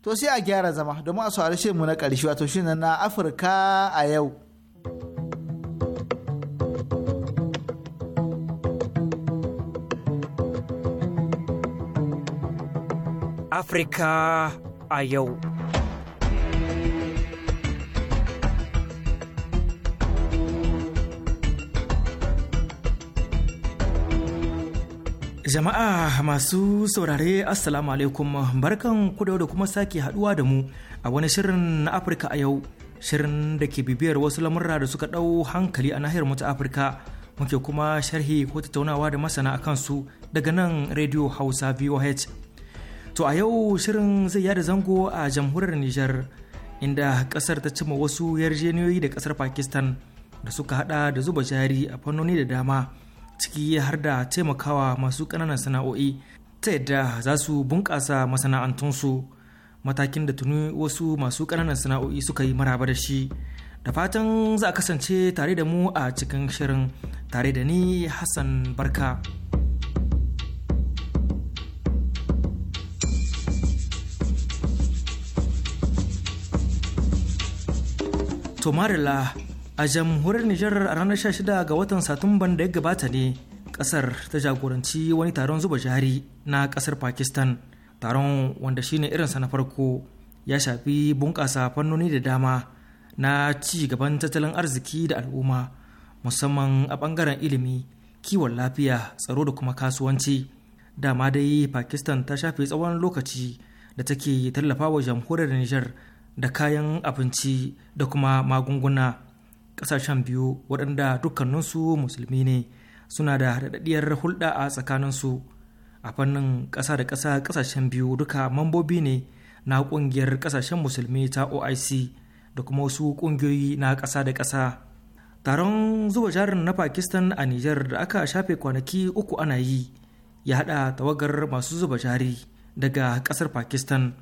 to sai a gyara zama domin a saurari shirinmu na ƙarshe wato shirin na afirka a yau afirka a yau Jama'a masu saurare Assalamu alaikum barkan ku da kuma sake haduwa da mu a wani shirin na Afirka a yau shirin da ke bibiyar wasu lamurra da suka ɗau hankali a nahiyar ta Afirka muke kuma sharhi ko tattaunawa da masana a kansu daga nan Radio Hausa VOH. To a yau shirin zai yada zango a jamhuriyar Nijar inda kasar ta cima wasu yarjeniyoyi da kasar Pakistan da suka hada da zuba jari a fannoni da dama. ciki har da taimakawa masu ƙananan sana'o'i ta yadda za su bunƙasa masana'antunsu matakin da tuni wasu masu ƙananan sana'o'i suka yi maraba da shi da fatan za a kasance tare da mu a cikin shirin tare da ni hassan barka to a jamhuriyar Nijar a ranar 16 ga watan Satumban da ya gabata ne kasar ta jagoranci wani taron zuba jari na kasar Pakistan taron wanda shine irinsa na farko ya shafi bunƙasa fannoni da dama na ci gaban tattalin arziki da al'umma musamman a bangaren ilimi kiwon lafiya tsaro da kuma kasuwanci dama dai Pakistan ta shafe tsawon lokaci da take tallafawa jamhuriyar Nijar da kayan abinci da kuma magunguna. ƙasashen biyu waɗanda dukkaninsu musulmi ne suna da haɗaɗɗiyar hulɗa a tsakaninsu a fannin ƙasa da ƙasa ƙasashen biyu duka mambobi ne na ƙungiyar ƙasashen musulmi ta oic da kuma wasu ƙungiyoyi na ƙasa da ƙasa taron zuba jarin na pakistan a niger da aka shafe kwanaki uku ana yi ya haɗa tawagar masu zuba jari daga ƙasar pakistan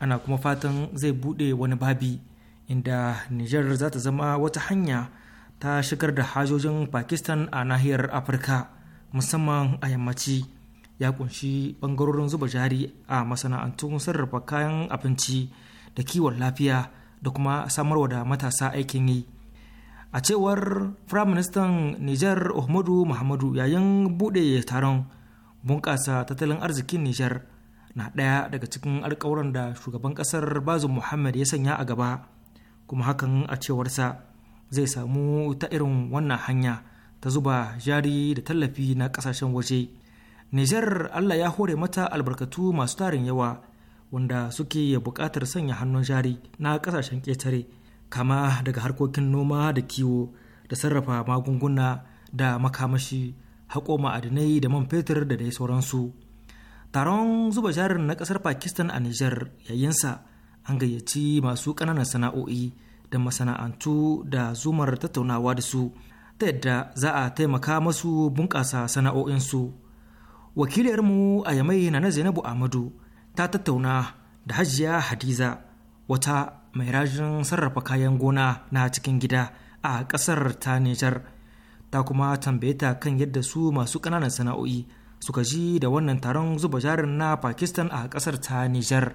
ana kuma fatan zai buɗe wani babi inda Nijar za ta zama wata hanya ta shigar da hajojin Pakistan a nahiyar Afirka musamman a yammaci ya kunshi bangarorin zuba jari a masana'antun sarrafa kayan abinci da kiwon lafiya da kuma samarwa da matasa aikin yi. a cewar firaministan nijar ahmadu muhammadu yayin buɗe taron bunƙasa tattalin arzikin nijar na ɗaya daga cikin alkawuran da shugaban ƙasar bazu muhammad ya sanya a gaba kuma hakan a cewarsa zai samu ta irin wannan hanya ta zuba jari da tallafi na kasashen waje nijar allah ya hore mata albarkatu masu tarin yawa wanda suke buƙatar sanya hannun jari na kasashen ƙetare kama daga harkokin noma da kiwo da sarrafa magunguna da makamashi haƙo ma'adinai da man fetur da dai sauransu taron zuba jarin na ƙasar pakistan a nijar yayinsa an gayyaci masu ƙananan sana'o'i da masana'antu da zumar tattaunawa da su ta yadda za a taimaka masu bunƙasa sana'o'insu wakiliyarmu a yamai na zainabu amadu ta tattauna da hajiya hadiza wata mai rajin sarrafa kayan gona na cikin gida a ƙasar ta nijar ta kuma tambaye ta kan yadda su masu ƙananan sana'o'i suka ji da wannan taron zuba jarin na pakistan a ƙasar ta nijar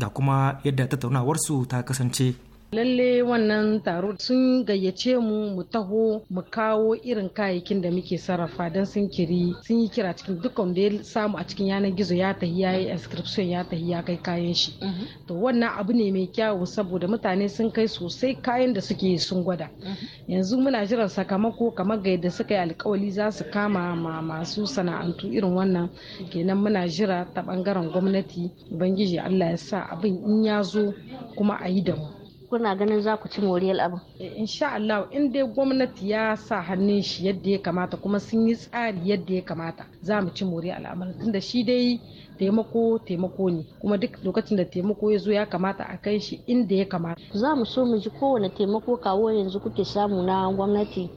da kuma yadda tattaunawarsu ta kasance lalle wannan taro sun gayyace mu mu taho mu kawo irin kayayyakin da muke sarrafa don sun kiri sun yi kira cikin dukkan da ya samu a cikin yanar gizo ya tafi ya yi inscription ya tafi ya kai kayan shi mm-hmm. to wannan abu ne mai kyau saboda mutane sun kai sosai kayan da suke sun gwada mm-hmm. yanzu muna jiran sakamako kamar ga yadda suka yi alkawali za su kama ma masu sana'antu irin wannan kenan muna jira ta bangaren gwamnati ubangiji allah ya sa abin in ya zo kuma a yi da mu kuna ganin za ku ci moriyar abin eh, insha Allah in dai gwamnati ya sa hannun shi yadda ya kamata kuma sun yi tsari yadda ya kamata za mu ci moriyar al'amarin tunda shi dai taimako taimako ne kuma duk lokacin da taimako ya zo ya kamata a kai shi inda ya kamata za mu so mu ji kowane taimako kawo yanzu kuke samu na gwamnati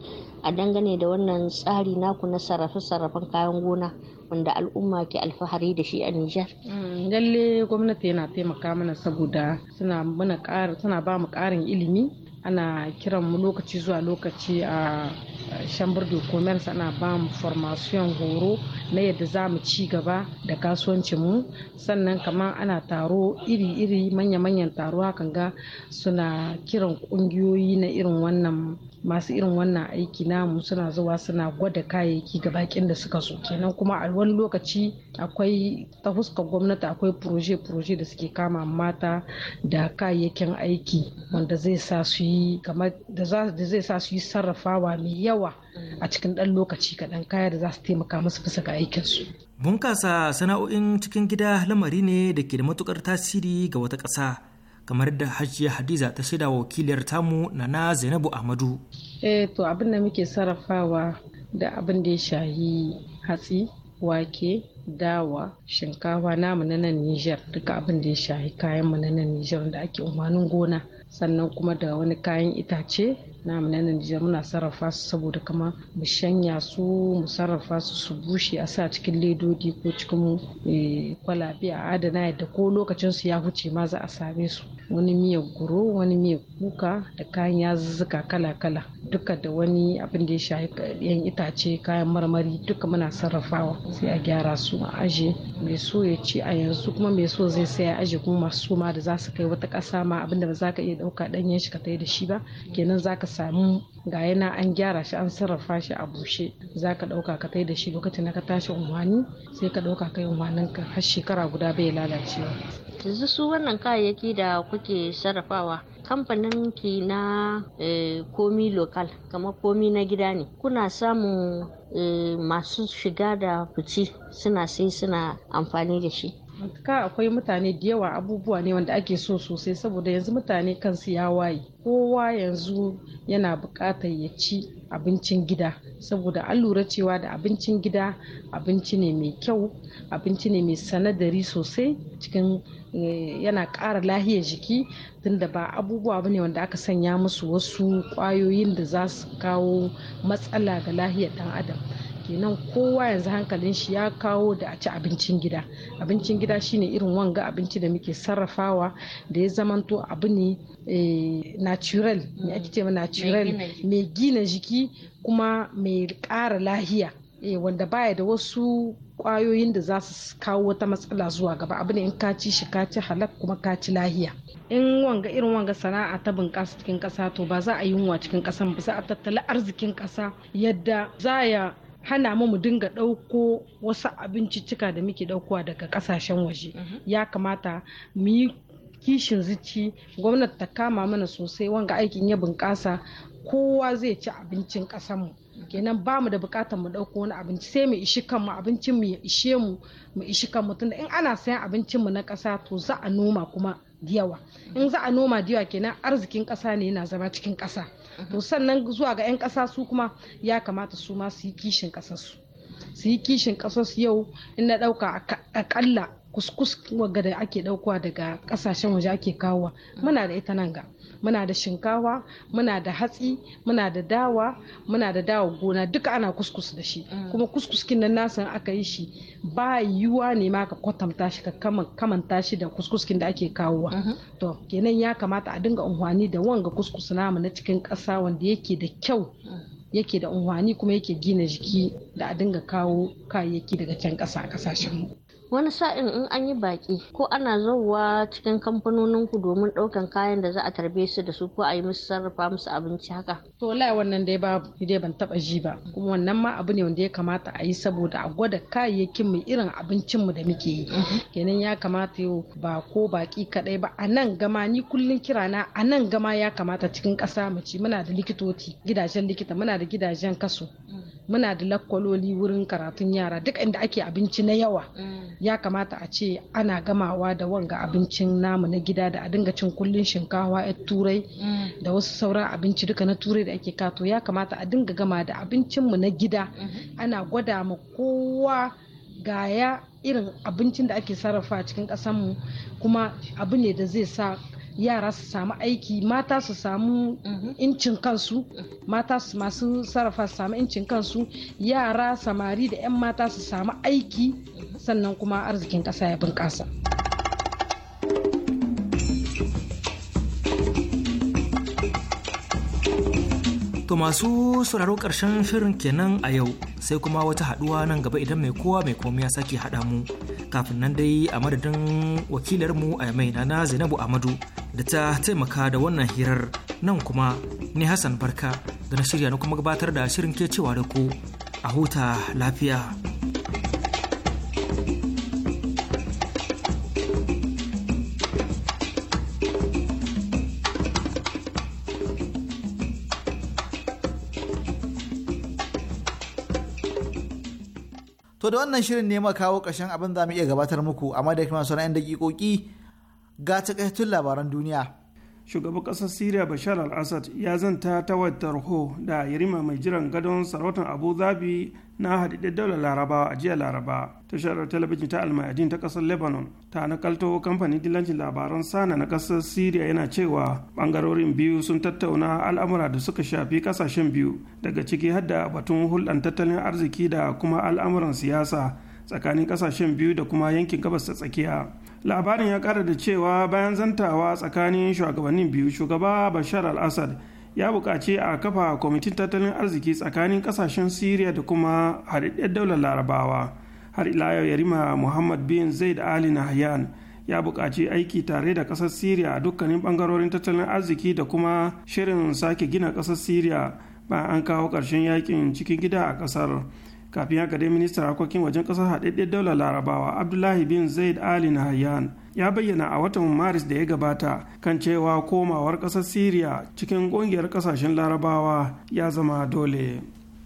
a dangane da wannan tsari naku na sarrafe-sarrafen kayan gona wanda al'umma ke alfahari da shi a Nijar. Mm, lalle gwamnati yana taimaka mana saboda suna mana suna ba mu ƙarin ilimi ana kiran mu lokaci zuwa lokaci a chambre de commerce ana ba mu formation horo na yadda za mu ci gaba da kasuwancin mu sannan kamar ana taro iri-iri manya-manyan taro hakan ga suna kiran kungiyoyi na irin wannan masu irin wannan aiki namu suna zuwa suna gwada kayayyaki ga bakin da suka so kenan kuma a wani lokaci akwai ta fuskar gwamnati akwai proje-proje da suke kama mata da kayayyakin aiki wanda zai sa su yi da zai sa su yi sarrafawa mai yawa a cikin ɗan lokaci kaɗan kaya da za su taimaka musu bisa ga aikinsu. Bunkasa sana'o'in cikin gida lamari ne da ke da matukar tasiri ga wata ƙasa kamar da hajiya hadiza ta shaida wakiliyar tamu nana zainabu ahmadu. eh to abin da muke sarrafawa da abin da ya shayi hatsi wake dawa shinkafa namu na nan nijar duka abin da ya shahi kayan mu na nan nijar da ake umarnin gona sannan kuma da wani kayan itace namu na nan nijar muna sarrafa su saboda kama mu shanya su mu sarrafa su su bushe a sa cikin ledodi ko cikin eh, kwalabe a adana yadda ko lokacin su ya huce ma za a same su wani miyar goro, wani miyar kuka da kayan yazuzzuka kala-kala duka da wani abin da ya shafi yan itace kayan marmari duka muna sarrafawa sai a gyara su a aje mai so ya ci a yanzu kuma mai so zai sai a aje kuma masu suma da za su kai wata ƙasa ma abin da ba za ka iya ɗauka ɗanyen shi ka tai da shi ba kenan za ka samu ga yana an gyara shi an sarrafa shi a bushe za ka ɗauka ka tai da shi lokacin da ka tashi unwani sai ka ɗauka kai unwanin ka har shekara guda bai lalacewa yanzu su wannan kayayyaki da kuke sarrafawa kamfanin ki na e, komi lokal kamar komi na gida ne kuna samun e, masu shiga da fice suna sai suna amfani da shi ka akwai mutane da yawa abubuwa ne wanda ake so sosai saboda yanzu mutane kansu ya waye kowa yanzu yana bukatar ya ci abincin gida saboda an lura cewa da abincin gida abinci ne mai kyau abinci ne mai sanadari sosai cikin eh, yana ƙara lahiyar jiki tunda ba abubuwa bane wanda aka sanya musu wasu ƙwayoyin da za su kawo matsala ga lahiyar ɗan adam kenan kowa yanzu hankalin shi ya kawo da a ci abincin gida abincin gida shine irin wanga abinci da muke sarrafawa da ya zamanto abu ne eh, natural me ake ce mm. natural mai gina jiki kuma mai ƙara lahiya eh, wanda baya da wasu kwayoyin da za su kawo wata matsala zuwa gaba abu ne in ka ci shi ka ci halak kuma ka ci lahiya in wanga irin wanga sana'a ta bunƙasa cikin ƙasa to ba za a yi yunwa cikin ƙasa ba za a tattala arzikin ƙasa yadda za ya hana mu mu dinga ɗauko wasu abinciccika da muke ɗaukowa daga kasashen waje mhm. ya kamata mu yi kishin zici gwamnati ta kama mana sosai wanga aikin ya bunƙasa kowa zai ci abincin ƙasanmu kenan ba mu da bukatar mu ɗauko wani abinci sai mu ishi kanmu abincin mu ya ishe mu mu ishi kanmu tunda in ana sayan abincin mu na ƙasa to za a noma kuma yawa in za a noma da yawa kenan arzikin ƙasa ne yana zama cikin ƙasa to sannan zuwa ga 'yan ƙasa su kuma ya kamata su ma su yi kishin ƙasarsu su yi kishin ƙasarsu yau in na ɗauka akalla kuskus wadda da ake ɗaukowa daga ƙasashen waje ake kawowa muna da ita nan ga muna da shinkawa muna da hatsi muna da dawa muna da dawa gona duka ana kuskus da shi mm. kuma kuskuskin nan nasan aka yi shi ba yiwuwa ne ma ka kwatanta shi ka kamanta shi da kuskuskin da ake kawowa mm-hmm. to kenan ya kamata a dinga unhwani da wanga kuskus namu na cikin ƙasa wanda yake da kyau mm. yake da unhwani kuma yake gina jiki da a dinga kawo kayayyaki daga can ƙasa a ƙasashen mu wani sa'in in an yi baki ko ana zauwa cikin kamfanonin ku domin ɗaukan kayan da za a tarbe su da su ko a yi musu sarrafa musu abinci haka to wallahi wannan dai ba dai ban taba ji ba kuma wannan ma abu ne wanda ya kamata a yi saboda a gwada kayayyakin mu irin abincin mu da muke yi mhm. kenan ya kamata yau ba ko baki kadai ba a nan gama ni kullun kira na a nan gama ya kamata cikin ƙasa mu ci muna da likitoci gidajen likita muna da gidajen kaso mm. muna da lakwaloli wurin karatun yara duk inda ake abinci na yawa mm. ya kamata a ce ana gamawa da wanga abincin namu na gida da a dinga cin kullun shinkawa ya turai da wasu sauran abinci duka na turai da ake kato ya kamata a dinga gama da abincinmu na gida ana gwada ma kowa gaya irin abincin da ake sarrafa a cikin ƙasanmu kuma abu ne da zai sa yara su samu aiki mata su samu incin kansu mata su masu sarrafa su samu incin kansu yara samari da 'yan mata su samu aiki sannan kuma arzikin ƙasa ya bunƙasa. To masu sauraro ƙarshen shirin kenan a yau sai kuma wata haɗuwa nan gaba idan mai kowa mai komai ya sake haɗa mu kafin nan dai a madadin wakilarmu a mai na Zainabu Amadu da ta taimaka da wannan hirar nan kuma ni Hassan Barka da na shirya na kuma gabatar da shirin ke cewa da ku a huta lafiya. to da wannan shirin ne kawo ƙarshen abin za mu iya gabatar muku amma da kuma sauran 'yan dakikoki ga takaitun labaran duniya shugaban ƙasar syria bashar al-assad ya zanta ta wadar ho da yarima mai jiran gadon sarautar abu zabi na hadidin daular laraba a jiya laraba tashar talabijin ta almayadin ta ƙasar lebanon ta nakalto kamfanin dillancin labaran sana na kasar syria yana cewa bangarorin biyu sun tattauna al'amura da suka shafi ƙasashen biyu daga ciki har da batun hulɗar tattalin arziki da kuma al'amuran siyasa tsakanin ƙasashen biyu da kuma yankin gabas ta tsakiya labarin ya kara da cewa bayan zantawa tsakanin shugabannin biyu shugaba bashar al-assad ya buƙaci a kafa kwamitin tattalin arziki tsakanin kasashen syria da kuma haɗaɗɗen daular larabawa har ila yau yarima muhammad bin zaid ali nahyan ya buƙaci aiki tare da ƙasar syria a dukkanin bangarorin tattalin arziki da kuma shirin sake gina ƙasar syria bayan an kawo ƙarshen yakin cikin gida a ƙasar kafin haka dai ministan harkokin wajen kasar haɗaɗɗe daular larabawa abdullahi bin zaid ali nahyan ya bayyana a watan maris da ya gabata kan cewa komawar ƙasar syria cikin ƙungiyar ƙasashen larabawa ya zama dole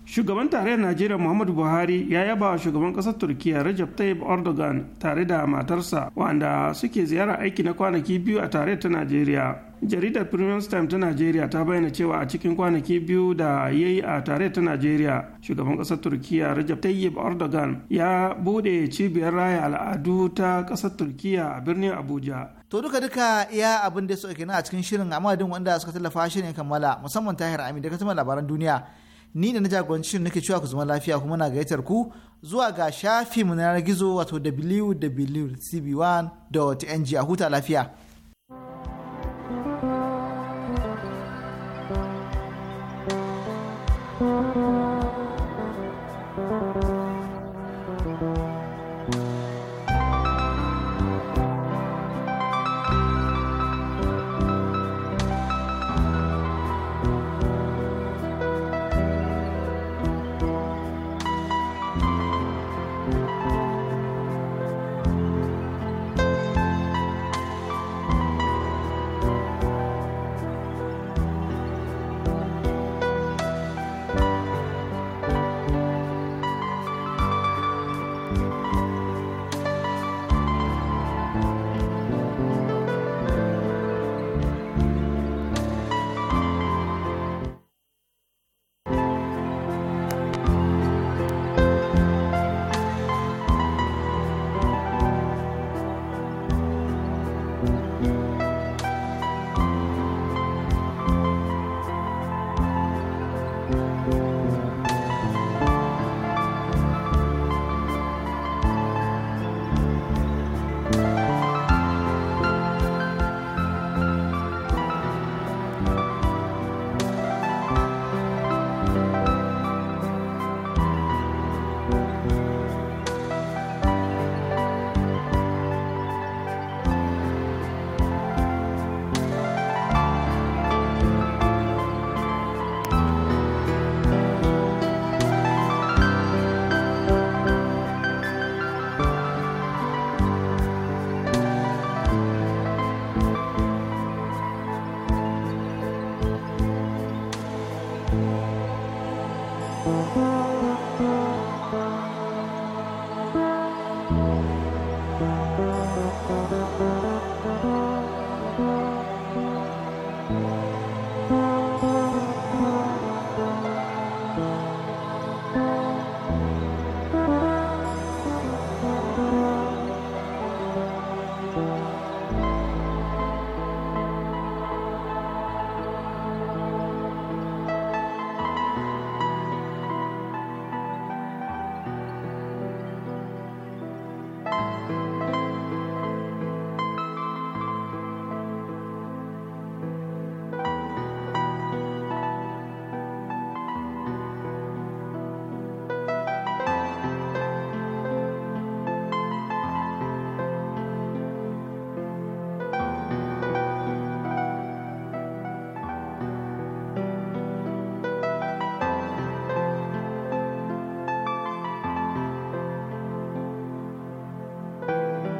shugaban tarayyar najeriya muhammadu buhari ya yaba wa shugaban ƙasar turkiya rajab tayyip erdogan tare da matarsa wanda suke ziyara aiki na kwanaki biyu a tarayyar ta najeriya jaridar premium time ta najeriya ta bayyana cewa a cikin kwanaki biyu da ya yi a tare ta najeriya shugaban kasar turkiya rajab tayyip erdogan ya bude cibiyar raya al'adu ta kasar turkiya a birnin abuja to duka duka iya abin da suka kenan a cikin shirin a madadin wanda suka tallafa shirin kammala musamman tahir amin da katamin labaran duniya ni da na jagoranci shirin nake cewa ku zama lafiya kuma na gayyatar ku zuwa ga shafi mu na gizo wato www.cb1.ng a huta lafiya.